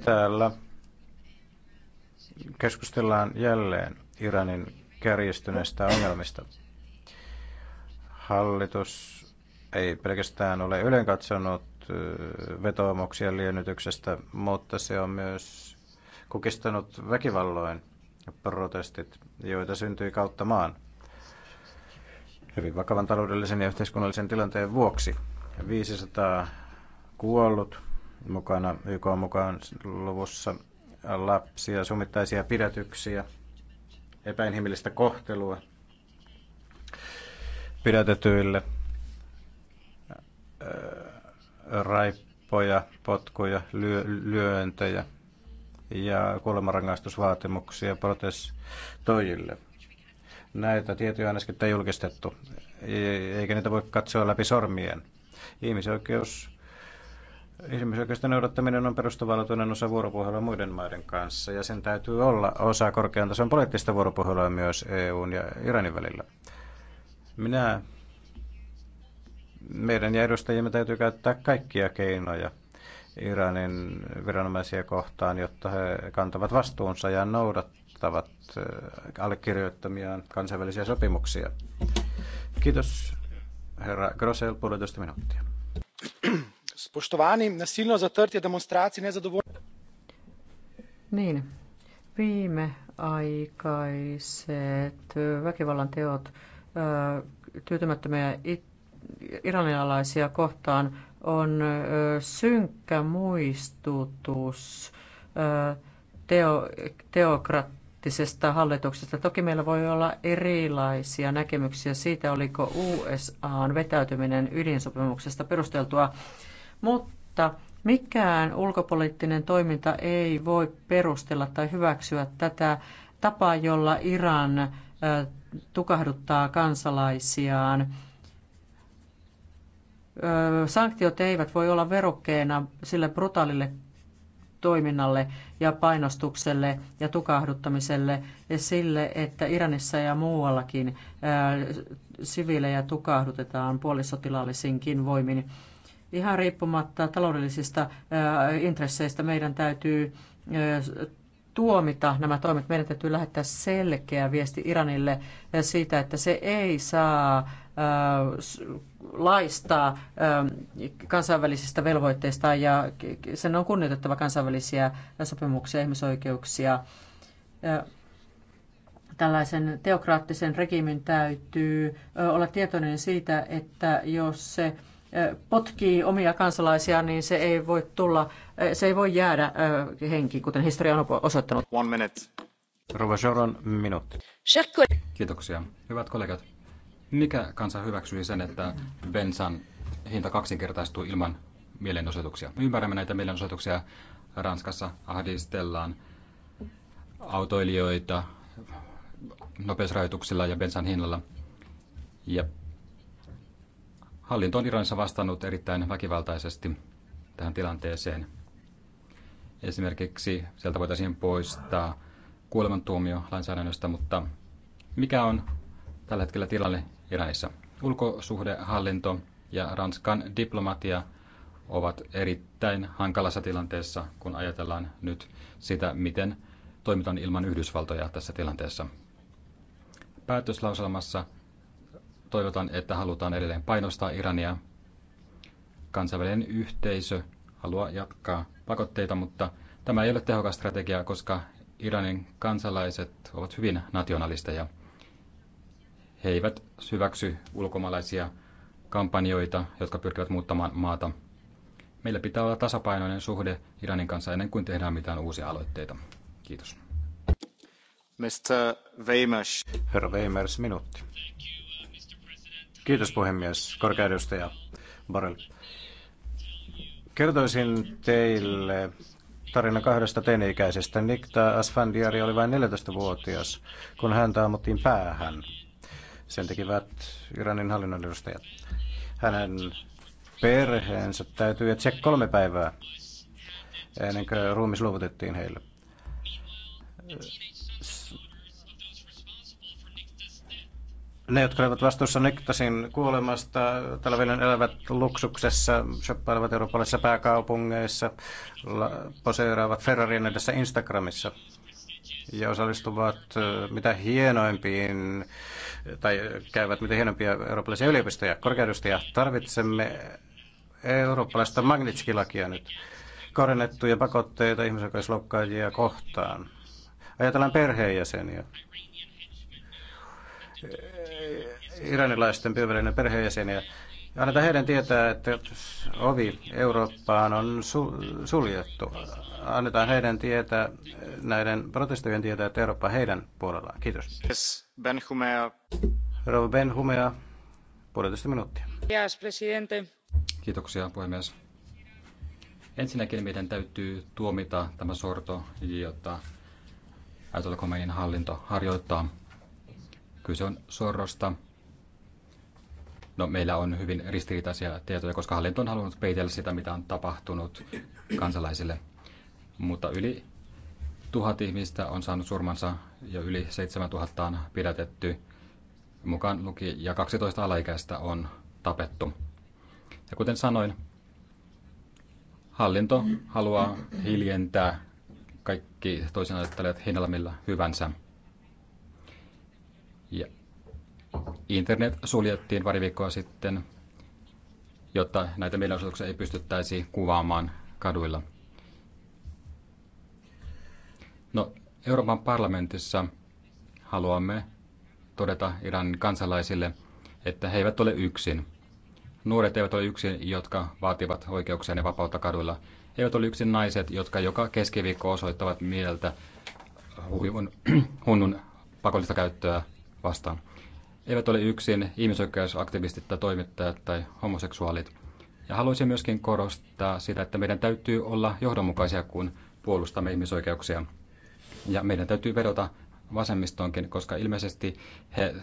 Täällä keskustellaan jälleen Iranin kärjistyneistä ongelmista. Hallitus ei pelkästään ole ylen katsonut äh, vetoomuksia liennytyksestä, mutta se on myös kukistanut väkivalloin protestit, joita syntyi kautta maan – hyvin vakavan taloudellisen ja yhteiskunnallisen tilanteen vuoksi. 500 kuollut mukana YK on mukaan luvussa lapsia, sumittaisia pidätyksiä, epäinhimillistä kohtelua pidätetyille, raippoja, potkuja, lyö, lyöntejä ja kuolemanrangaistusvaatimuksia protestoijille. Näitä tietoja on äsken julkistettu, eikä niitä voi katsoa läpi sormien. Ihmisoikeus Ihmisoikeusten noudattaminen on perustavallatuinen osa vuoropuhelua muiden maiden kanssa, ja sen täytyy olla osa korkean tason poliittista vuoropuhelua myös EUn ja Iranin välillä. Minä, meidän ja edustajimme täytyy käyttää kaikkia keinoja Iranin viranomaisia kohtaan, jotta he kantavat vastuunsa ja noudattavat noudattavat äh, allekirjoittamiaan kansainvälisiä sopimuksia. Kiitos, herra Grosel, puolitoista minuuttia. Spoštovani, nasilno zatrtje demonstracij nezadovoljnih. Niin, viimeaikaiset väkivallan teot äh, tyytymättömiä iranilaisia kohtaan on äh, synkkä muistutus teo, teokrat, poliittisesta hallituksesta. Toki meillä voi olla erilaisia näkemyksiä siitä, oliko USAn vetäytyminen ydinsopimuksesta perusteltua, mutta mikään ulkopoliittinen toiminta ei voi perustella tai hyväksyä tätä tapaa, jolla Iran tukahduttaa kansalaisiaan. Sanktiot eivät voi olla verokkeena sille brutaalille toiminnalle ja painostukselle ja tukahduttamiselle ja sille, että Iranissa ja muuallakin ää, siviilejä tukahdutetaan puolisotilaallisinkin voimin. Ihan riippumatta taloudellisista ää, intresseistä meidän täytyy ää, tuomita nämä toimet. Meidän täytyy lähettää selkeä viesti Iranille siitä, että se ei saa laista kansainvälisistä velvoitteista ja sen on kunnioitettava kansainvälisiä sopimuksia ja ihmisoikeuksia. Tällaisen teokraattisen regiimin täytyy olla tietoinen siitä, että jos se potkii omia kansalaisia, niin se ei voi tulla, se ei voi jäädä henkiin, kuten historia on osoittanut. One minute. Rova Joron minuutti. Kiitoksia. Hyvät kollegat, mikä kansa hyväksyi sen, että bensan hinta kaksinkertaistuu ilman mielenosoituksia? Me ymmärrämme näitä mielenosoituksia. Ranskassa ahdistellaan autoilijoita nopeusrajoituksilla ja bensan hinnalla. Ja hallinto on Iranissa vastannut erittäin väkivaltaisesti tähän tilanteeseen. Esimerkiksi sieltä voitaisiin poistaa kuolemantuomio lainsäädännöstä, mutta mikä on tällä hetkellä tilanne Iranissa. Ulkosuhdehallinto ja Ranskan diplomatia ovat erittäin hankalassa tilanteessa, kun ajatellaan nyt sitä, miten toimitaan ilman Yhdysvaltoja tässä tilanteessa. Päätöslauselmassa toivotan, että halutaan edelleen painostaa Irania. Kansainvälinen yhteisö haluaa jatkaa pakotteita, mutta tämä ei ole tehokas strategia, koska Iranin kansalaiset ovat hyvin nationalisteja. He eivät hyväksy ulkomaalaisia kampanjoita, jotka pyrkivät muuttamaan maata. Meillä pitää olla tasapainoinen suhde Iranin kanssa ennen kuin tehdään mitään uusia aloitteita. Kiitos. Mr. Weimers. Herra Weimers, minuutti. Kiitos puhemies, korkea edustaja Borrell. Kertoisin teille tarina kahdesta teini-ikäisestä. Nikta Asfandiari oli vain 14-vuotias, kun häntä ammuttiin päähän sen tekivät Iranin hallinnon edustajat. Hänen perheensä täytyy etsiä kolme päivää ennen kuin ruumis luovutettiin heille. Ne, jotka olivat vastuussa Nektasin kuolemasta, tällä välin elävät luksuksessa, shoppailevat eurooppalaisissa pääkaupungeissa, poseeraavat Ferrarien edessä Instagramissa ja osallistuvat mitä hienoimpiin tai käyvät mitä hienompia eurooppalaisia yliopistoja, korkeudustaja. Tarvitsemme eurooppalaista magnitsky lakia nyt, korennettuja pakotteita ihmisoikeusloukkaajia kohtaan. Ajatellaan perheenjäseniä. Iranilaisten pyövälinen perheenjäseniä, ja annetaan heidän tietää, että ovi Eurooppaan on su- suljettu. Annetaan heidän tietää, näiden protestojen tietää, että Eurooppa on heidän puolellaan. Kiitos. Yes, ben Humea. Rouva Ben Humea, puolitoista minuuttia. Yes, presidente. Kiitoksia, puhemies. Ensinnäkin meidän täytyy tuomita tämä sorto, jota Ajatolla Khomeinin hallinto harjoittaa. Kyse on sorrosta, No, meillä on hyvin ristiriitaisia tietoja, koska hallinto on halunnut peitellä sitä, mitä on tapahtunut kansalaisille. Mutta yli tuhat ihmistä on saanut surmansa ja yli 7000 on pidätetty mukaan luki ja 12 alaikäistä on tapettu. Ja kuten sanoin, hallinto haluaa hiljentää kaikki toisin ajattelijat hinnalla millä hyvänsä. Ja internet suljettiin pari viikkoa sitten, jotta näitä mielenosoituksia ei pystyttäisi kuvaamaan kaduilla. No, Euroopan parlamentissa haluamme todeta Iranin kansalaisille, että he eivät ole yksin. Nuoret eivät ole yksin, jotka vaativat oikeuksia ja vapautta kaduilla. He eivät ole yksin naiset, jotka joka keskiviikko osoittavat mieltä hunnun pakollista käyttöä vastaan eivät ole yksin ihmisoikeusaktivistit tai toimittajat tai homoseksuaalit. Ja haluaisin myöskin korostaa sitä, että meidän täytyy olla johdonmukaisia, kun puolustamme ihmisoikeuksia. Ja meidän täytyy vedota vasemmistoonkin, koska ilmeisesti he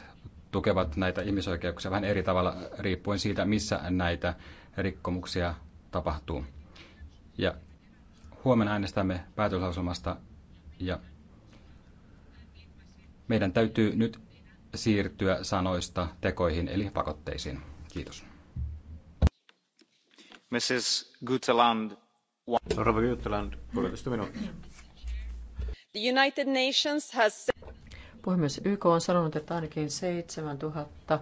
tukevat näitä ihmisoikeuksia vähän eri tavalla riippuen siitä, missä näitä rikkomuksia tapahtuu. Ja huomenna äänestämme päätöslauselmasta ja meidän täytyy nyt siirtyä sanoista tekoihin eli pakotteisiin. Kiitos. Mrs. Guteland. Rouva Guteland, puolitoista minuuttia. The United Nations has... Puhemies, YK on sanonut, että ainakin 7000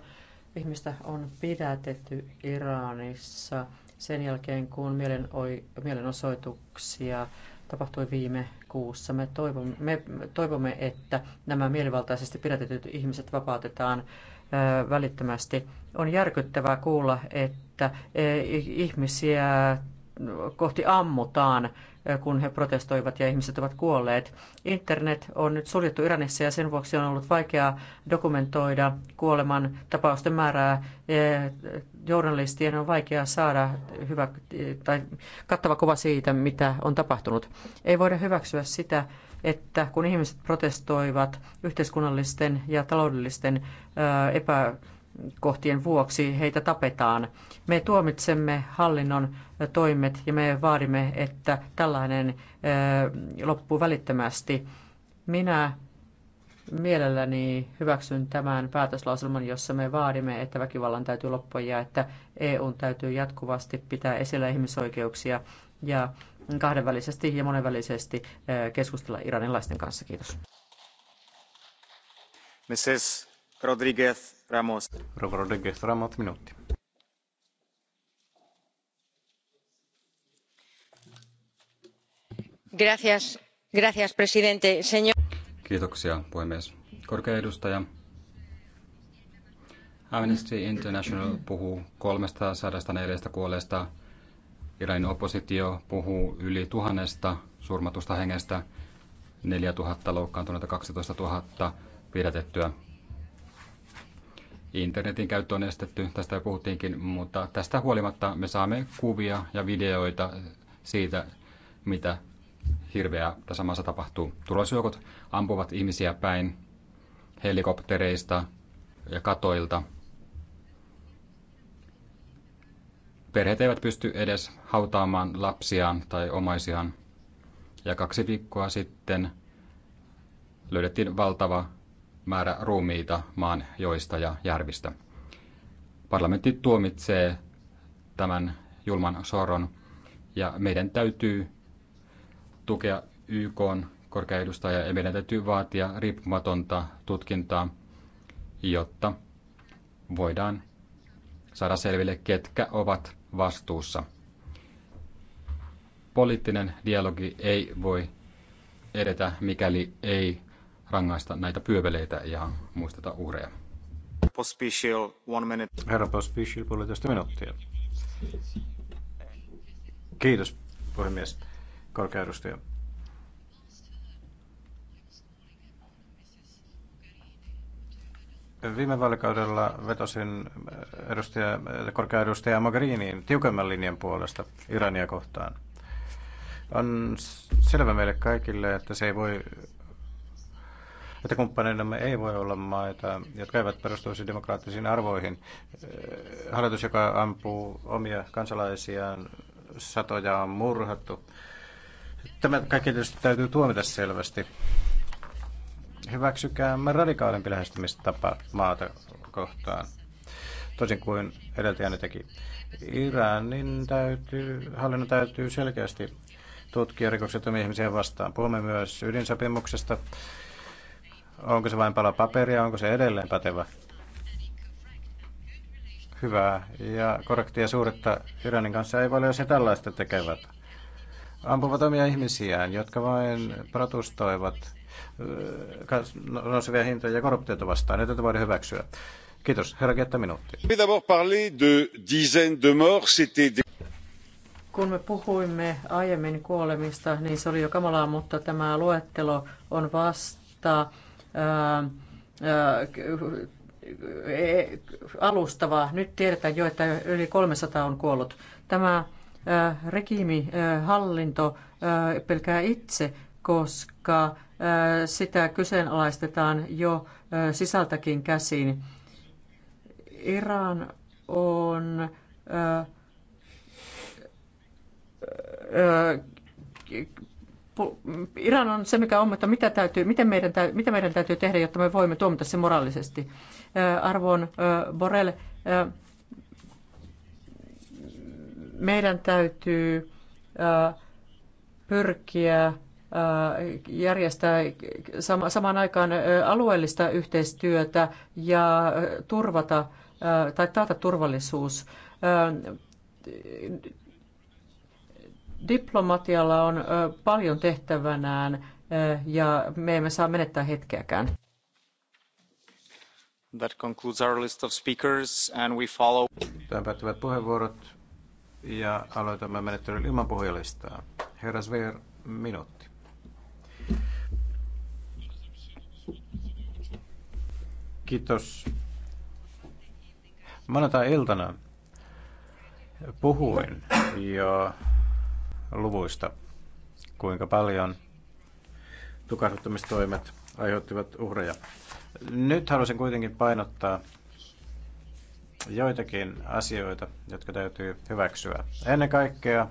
ihmistä on pidätetty Iranissa sen jälkeen, kun mielenosoituksia tapahtui viime kesäkuussa. Me toivomme, me toivomme että nämä mielivaltaisesti pidätetyt ihmiset vapautetaan välittömästi. On järkyttävää kuulla, että e, ihmisiä kohti ammutaan, kun he protestoivat ja ihmiset ovat kuolleet. Internet on nyt suljettu Iranissa ja sen vuoksi on ollut vaikeaa dokumentoida kuoleman tapausten määrää. E, journalistien on vaikea saada hyvä, tai kattava kuva siitä, mitä on tapahtunut. Ei voida hyväksyä sitä, että kun ihmiset protestoivat yhteiskunnallisten ja taloudellisten epä kohtien vuoksi heitä tapetaan. Me tuomitsemme hallinnon toimet ja me vaadimme, että tällainen loppuu välittömästi. Minä mielelläni hyväksyn tämän päätöslauselman, jossa me vaadimme, että väkivallan täytyy loppua ja että EUn täytyy jatkuvasti pitää esillä ihmisoikeuksia ja kahdenvälisesti ja monenvälisesti keskustella iranilaisten kanssa. Kiitos. Mrs. Rodriguez Ramos. Rodriguez Ramos, minuutti arvoisa puhemies. Korkea edustaja, Amnesty International puhuu 304 kuolleesta, Iranin oppositio puhuu yli tuhannesta surmatusta hengestä, neljä tuhatta loukkaantunutta kaksitoista tuhatta pidätettyä. Internetin käyttö on estetty, tästä jo puhuttiinkin, mutta tästä huolimatta me saamme kuvia ja videoita siitä, mitä hirveä tässä samassa tapahtuu. Tulosjoukot ampuvat ihmisiä päin helikoptereista ja katoilta. Perheet eivät pysty edes hautaamaan lapsiaan tai omaisiaan. Ja kaksi viikkoa sitten löydettiin valtava määrä ruumiita maan joista ja järvistä. Parlamentti tuomitsee tämän julman sorron ja meidän täytyy tukea YK korkea edustaja ja meidän täytyy vaatia riippumatonta tutkintaa, jotta voidaan saada selville, ketkä ovat vastuussa. Poliittinen dialogi ei voi edetä, mikäli ei rangaista näitä pyöveleitä ja muisteta uhreja. one minute. Herra Pospisil, puolitoista minuuttia. Kiitos, puhemies korkea edustaja. Viime vaalikaudella vetosin äh, edustaja, äh, korkea edustaja Mogheriniin tiukemman linjan puolesta Irania kohtaan. On selvä meille kaikille, että se ei voi että kumppaneinamme ei voi olla maita, jotka eivät perustuisi demokraattisiin arvoihin. Äh, hallitus, joka ampuu omia kansalaisiaan, satoja on murhattu Tämä kaikki tietysti täytyy tuomita selvästi. Hyväksykäämme radikaalimpi lähestymistapa maata kohtaan. Toisin kuin edeltäjäni teki. Iranin täytyy, hallinnon täytyy selkeästi tutkia rikokset omia ihmisiä vastaan. Puhumme myös ydinsopimuksesta. Onko se vain pala paperia, onko se edelleen pätevä? Hyvää ja korrektia suuretta Iranin kanssa ei paljon se tällaista tekevät ampuvat omia ihmisiään, jotka vain protestoivat äh, nousevia hintoja ja korruptiota vastaan. Ei tätä voida hyväksyä. Kiitos. Herra Kettä, minuutti. Kun me puhuimme aiemmin kuolemista, niin se oli jo kamalaa, mutta tämä luettelo on vasta ää, äh, ää, äh, e- alustava. Nyt tiedetään jo, että yli 300 on kuollut. Tämä regiimi, hallinto pelkää itse, koska sitä kyseenalaistetaan jo sisältäkin käsin. Iran on Iran on se, mikä on, mutta mitä, täytyy, miten meidän, täytyy, mitä meidän täytyy tehdä, jotta me voimme tuomita se moraalisesti. Arvon Borrell, meidän täytyy pyrkiä järjestää samaan aikaan alueellista yhteistyötä ja turvata tai taata turvallisuus. Diplomatialla on paljon tehtävänään ja me emme saa menettää hetkeäkään. That concludes our list of speakers and we follow. Tämän päättyvät puheenvuorot ja aloitamme menettelyn ilman puhujalistaa. Herra Sveer, minuutti. Kiitos. Maanantai-iltana puhuin jo luvuista, kuinka paljon tukahduttamistoimet aiheuttivat uhreja. Nyt haluaisin kuitenkin painottaa joitakin asioita, jotka täytyy hyväksyä. Ennen kaikkea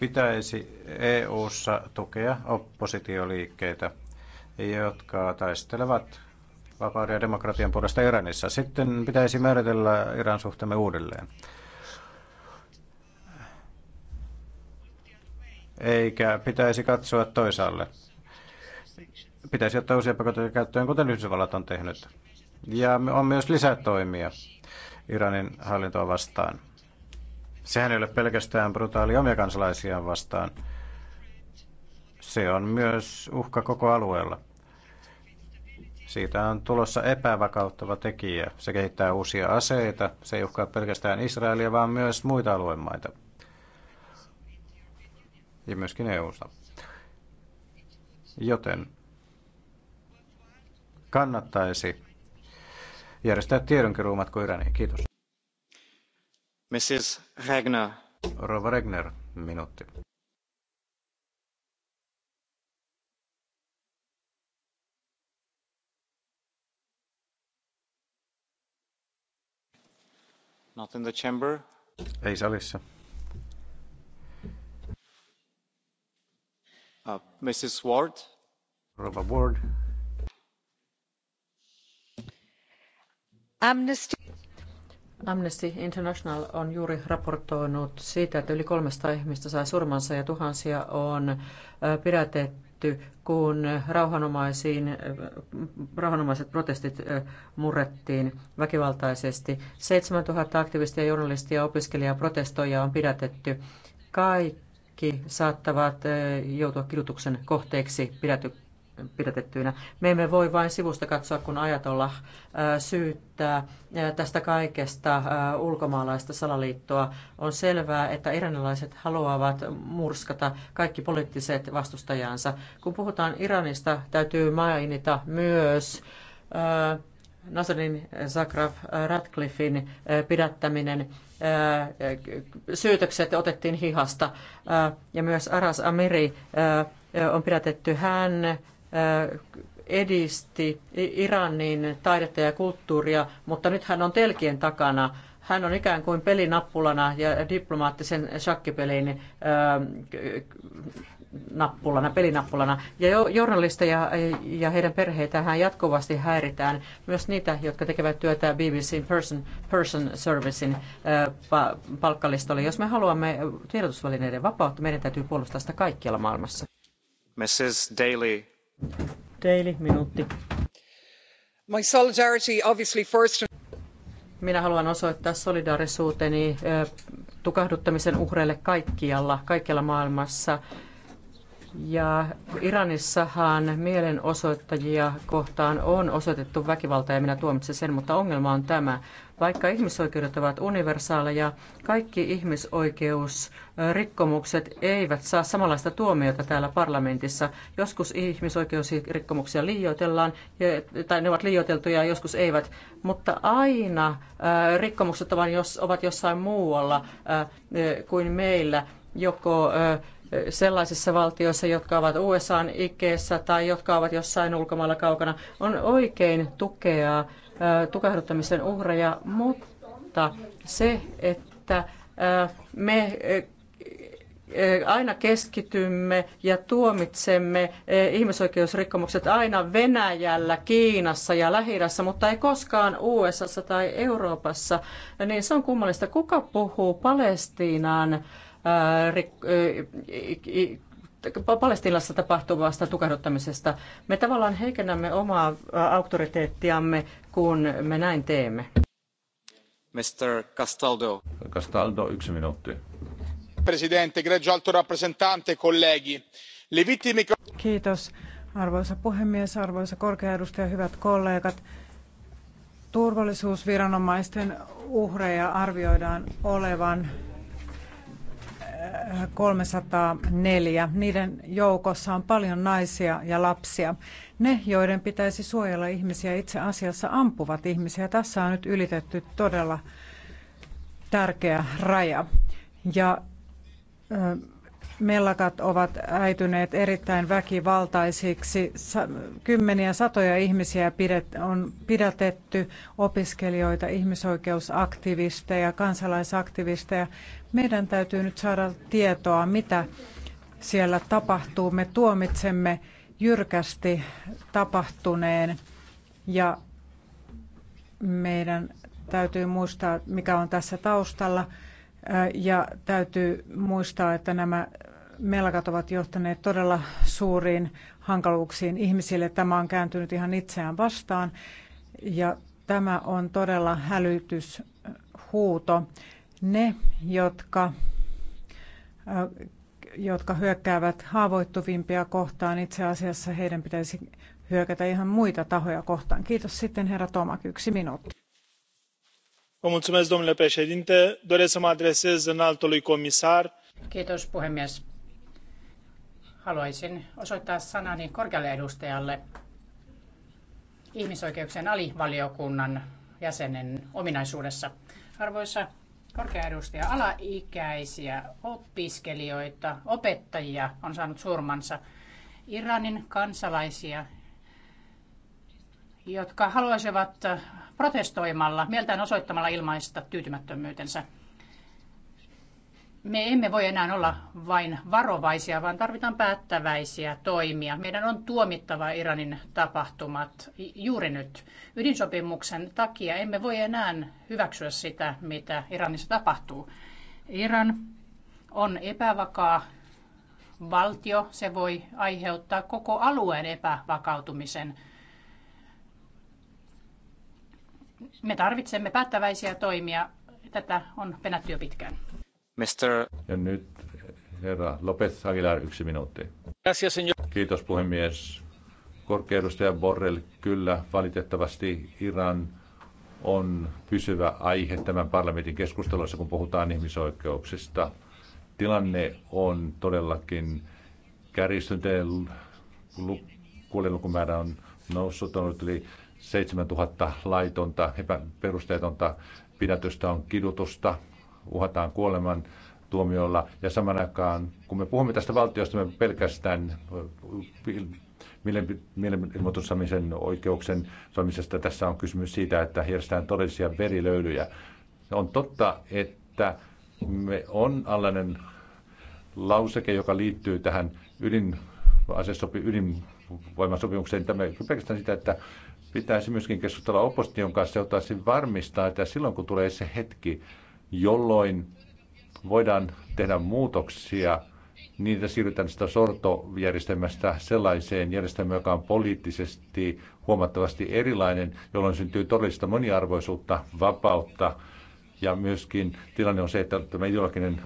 pitäisi EU:ssa tukea oppositioliikkeitä, jotka taistelevat vapauden ja demokratian puolesta Iranissa. Sitten pitäisi määritellä Iran suhteemme uudelleen. Eikä pitäisi katsoa toisaalle. Pitäisi ottaa uusia pakotteita käyttöön, kuten Yhdysvallat on tehnyt. Ja on myös lisätoimia Iranin hallintoa vastaan. Sehän ei ole pelkästään brutaali omia kansalaisiaan vastaan. Se on myös uhka koko alueella. Siitä on tulossa epävakauttava tekijä. Se kehittää uusia aseita. Se ei uhkaa pelkästään Israelia, vaan myös muita aluemaita. Ja myöskin EUsta. Joten kannattaisi järjestää tiedonkeruumatko Iraniin. Kiitos. Mrs. Regner. Rova Regner, minuutti. Not in the chamber. Ei salissa. Uh, Mrs. Ward. Rova Ward, Amnesty. Amnesty International on juuri raportoinut siitä, että yli 300 ihmistä sai surmansa ja tuhansia on pidätetty, kun rauhanomaisiin, rauhanomaiset protestit murrettiin väkivaltaisesti. 7000 aktivistia, journalistia, opiskelijaa, protestoijaa on pidätetty. Kaikki saattavat joutua kidutuksen kohteeksi pidäty, pidätettyinä. Me emme voi vain sivusta katsoa, kun ajatolla syyttää tästä kaikesta ulkomaalaista salaliittoa. On selvää, että iranilaiset haluavat murskata kaikki poliittiset vastustajansa. Kun puhutaan Iranista, täytyy mainita myös Nasrin Zagraf Radcliffein pidättäminen. Syytökset otettiin hihasta ja myös Aras Amiri on pidätetty. Hän edisti Iranin taidetta ja kulttuuria, mutta nyt hän on telkien takana. Hän on ikään kuin pelinappulana ja diplomaattisen shakkipelin nappulana, pelinappulana. Ja journalisteja ja heidän perheitään jatkuvasti häiritään, myös niitä, jotka tekevät työtä BBC Person, Person Servicein palkkalistolle. Jos me haluamme tiedotusvälineiden vapautta, meidän täytyy puolustaa sitä kaikkialla maailmassa. Mrs. Daly minä haluan osoittaa solidaarisuuteni tukahduttamisen uhreille kaikkialla, kaikkialla maailmassa. Ja Iranissahan mielenosoittajia kohtaan on osoitettu väkivaltaa ja minä tuomitsen sen, mutta ongelma on tämä. Vaikka ihmisoikeudet ovat universaaleja, kaikki ihmisoikeusrikkomukset eivät saa samanlaista tuomiota täällä parlamentissa. Joskus ihmisoikeusrikkomuksia liioitellaan, tai ne ovat liioiteltuja, joskus eivät. Mutta aina äh, rikkomukset ovat jossain muualla äh, äh, kuin meillä, joko sellaisissa valtioissa, jotka ovat USAn ikeessä tai jotka ovat jossain ulkomailla kaukana, on oikein tukea tukahduttamisen uhreja, mutta se, että me aina keskitymme ja tuomitsemme ihmisoikeusrikkomukset aina Venäjällä, Kiinassa ja lähi mutta ei koskaan USA tai Euroopassa, niin se on kummallista. Kuka puhuu Palestiinan Palestiinassa tapahtuvasta tukahduttamisesta. Me tavallaan heikennämme omaa auktoriteettiamme kun me näin teemme. Mr. Castaldo. Castaldo, yksi minuutti. Presidente, greggio alto rappresentante, colleghi. Le vittime... Kiitos. Arvoisa puhemies, arvoisa korkea edustaja, hyvät kollegat. Turvallisuusviranomaisten uhreja arvioidaan olevan 304. Niiden joukossa on paljon naisia ja lapsia. Ne, joiden pitäisi suojella ihmisiä, itse asiassa ampuvat ihmisiä. Tässä on nyt ylitetty todella tärkeä raja. Ja mellakat ovat äityneet erittäin väkivaltaisiksi. Kymmeniä satoja ihmisiä on pidätetty, opiskelijoita, ihmisoikeusaktivisteja, kansalaisaktivisteja. Meidän täytyy nyt saada tietoa, mitä siellä tapahtuu. Me tuomitsemme jyrkästi tapahtuneen ja meidän täytyy muistaa, mikä on tässä taustalla. Äh, ja täytyy muistaa, että nämä melkat ovat johtaneet todella suuriin hankaluuksiin ihmisille. Tämä on kääntynyt ihan itseään vastaan ja tämä on todella hälytyshuuto. Ne, jotka, jotka hyökkäävät haavoittuvimpia kohtaan, itse asiassa heidän pitäisi hyökätä ihan muita tahoja kohtaan. Kiitos sitten herra Tomak, yksi minuutti. Kiitos puhemies. Haluaisin osoittaa sanani korkealle edustajalle ihmisoikeuksien alivaliokunnan jäsenen ominaisuudessa. Arvoisa Korkea edustaja, alaikäisiä opiskelijoita, opettajia on saanut surmansa. Iranin kansalaisia, jotka haluaisivat protestoimalla, mieltään osoittamalla ilmaista tyytymättömyytensä me emme voi enää olla vain varovaisia, vaan tarvitaan päättäväisiä toimia. Meidän on tuomittava Iranin tapahtumat juuri nyt. Ydinsopimuksen takia emme voi enää hyväksyä sitä, mitä Iranissa tapahtuu. Iran on epävakaa valtio. Se voi aiheuttaa koko alueen epävakautumisen. Me tarvitsemme päättäväisiä toimia. Tätä on penätty jo pitkään. Mr. Ja nyt herra Lopez Aguilar, yksi minuutti. Gracias, señor. Kiitos puhemies. Korkeudustaja Borrell, kyllä valitettavasti Iran on pysyvä aihe tämän parlamentin keskustelussa, kun puhutaan ihmisoikeuksista. Tilanne on todellakin kärjistynyt, kuolilukumäärä on noussut, on yli 7000 laitonta, epäperusteetonta pidätystä on kidutusta, uhataan kuoleman tuomiolla. Ja saman aikaan, kun me puhumme tästä valtiosta, me pelkästään äh, mielenilmoitussamisen oikeuksen toimisesta, Tässä on kysymys siitä, että järjestetään todellisia verilöylyjä. On totta, että me on allainen lauseke, joka liittyy tähän ydin, asesopi, ydinvoimasopimukseen. Tämä pelkästään sitä, että pitäisi myöskin keskustella opposition kanssa, jotta varmistaa, että silloin kun tulee se hetki, jolloin voidaan tehdä muutoksia niin, että siirrytään sitä sortojärjestelmästä sellaiseen järjestelmään, joka on poliittisesti huomattavasti erilainen, jolloin syntyy todellista moniarvoisuutta, vapautta ja myöskin tilanne on se, että tämä ideologinen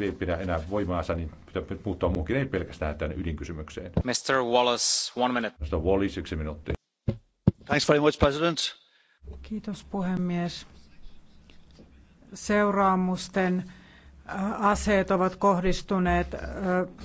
ei pidä enää voimaansa, niin pitää puuttua muukin, ei pelkästään tämän ydinkysymykseen. Mr. Wallace, one minute. Mr. Wallace, yksi minuutti. Thanks very much, President. Kiitos puhemies seuraamusten äh, aseet ovat kohdistuneet äh,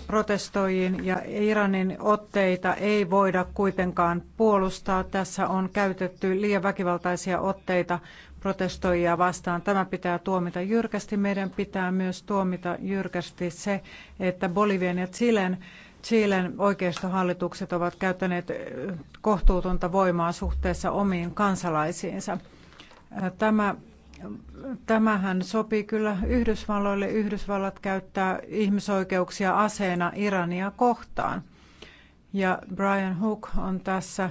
protestoijiin ja Iranin otteita ei voida kuitenkaan puolustaa. Tässä on käytetty liian väkivaltaisia otteita protestoijia vastaan. Tämä pitää tuomita jyrkästi. Meidän pitää myös tuomita jyrkästi se, että Bolivian ja Chilen Chilen oikeistohallitukset ovat käyttäneet äh, kohtuutonta voimaa suhteessa omiin kansalaisiinsa. Tämä Tämähän sopii kyllä Yhdysvalloille. Yhdysvallat käyttää ihmisoikeuksia aseena Irania kohtaan. Ja Brian Hook on tässä,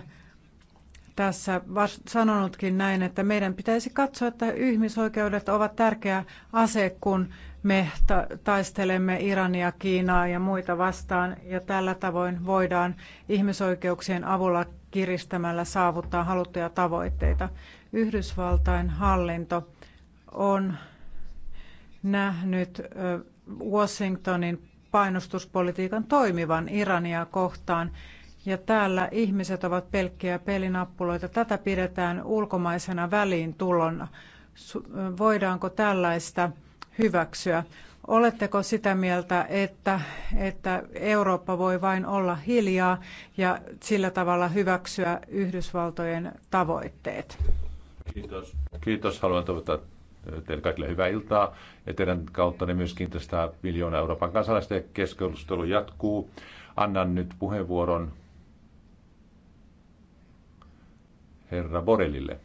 tässä sanonutkin näin, että meidän pitäisi katsoa, että ihmisoikeudet ovat tärkeä ase, kun me ta- taistelemme Irania, Kiinaa ja muita vastaan. Ja tällä tavoin voidaan ihmisoikeuksien avulla kiristämällä saavuttaa haluttuja tavoitteita. Yhdysvaltain hallinto on nähnyt Washingtonin painostuspolitiikan toimivan Irania kohtaan. Ja täällä ihmiset ovat pelkkiä pelinappuloita. Tätä pidetään ulkomaisena väliintulona. Voidaanko tällaista hyväksyä? Oletteko sitä mieltä, että, että Eurooppa voi vain olla hiljaa ja sillä tavalla hyväksyä Yhdysvaltojen tavoitteet? Kiitos. Kiitos. Haluan toivottaa teille kaikille hyvää iltaa ja teidän kautta ne myöskin tästä miljoonaa Euroopan kansalaisten keskustelu jatkuu. Annan nyt puheenvuoron herra Borelille.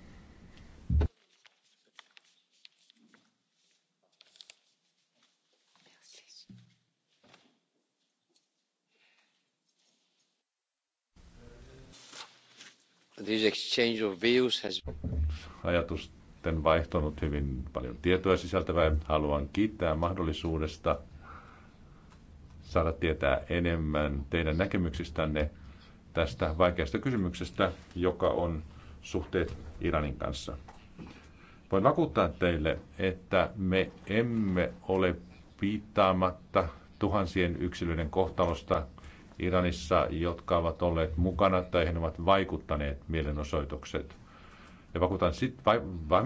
This exchange of views has... Ajatus sitten vaihtanut hyvin paljon tietoa sisältävää. Haluan kiittää mahdollisuudesta saada tietää enemmän teidän näkemyksistänne tästä vaikeasta kysymyksestä, joka on suhteet Iranin kanssa. Voin vakuuttaa teille, että me emme ole piittaamatta tuhansien yksilöiden kohtalosta Iranissa, jotka ovat olleet mukana tai he ovat vaikuttaneet mielenosoitukset. Ja vakuutan sit, va,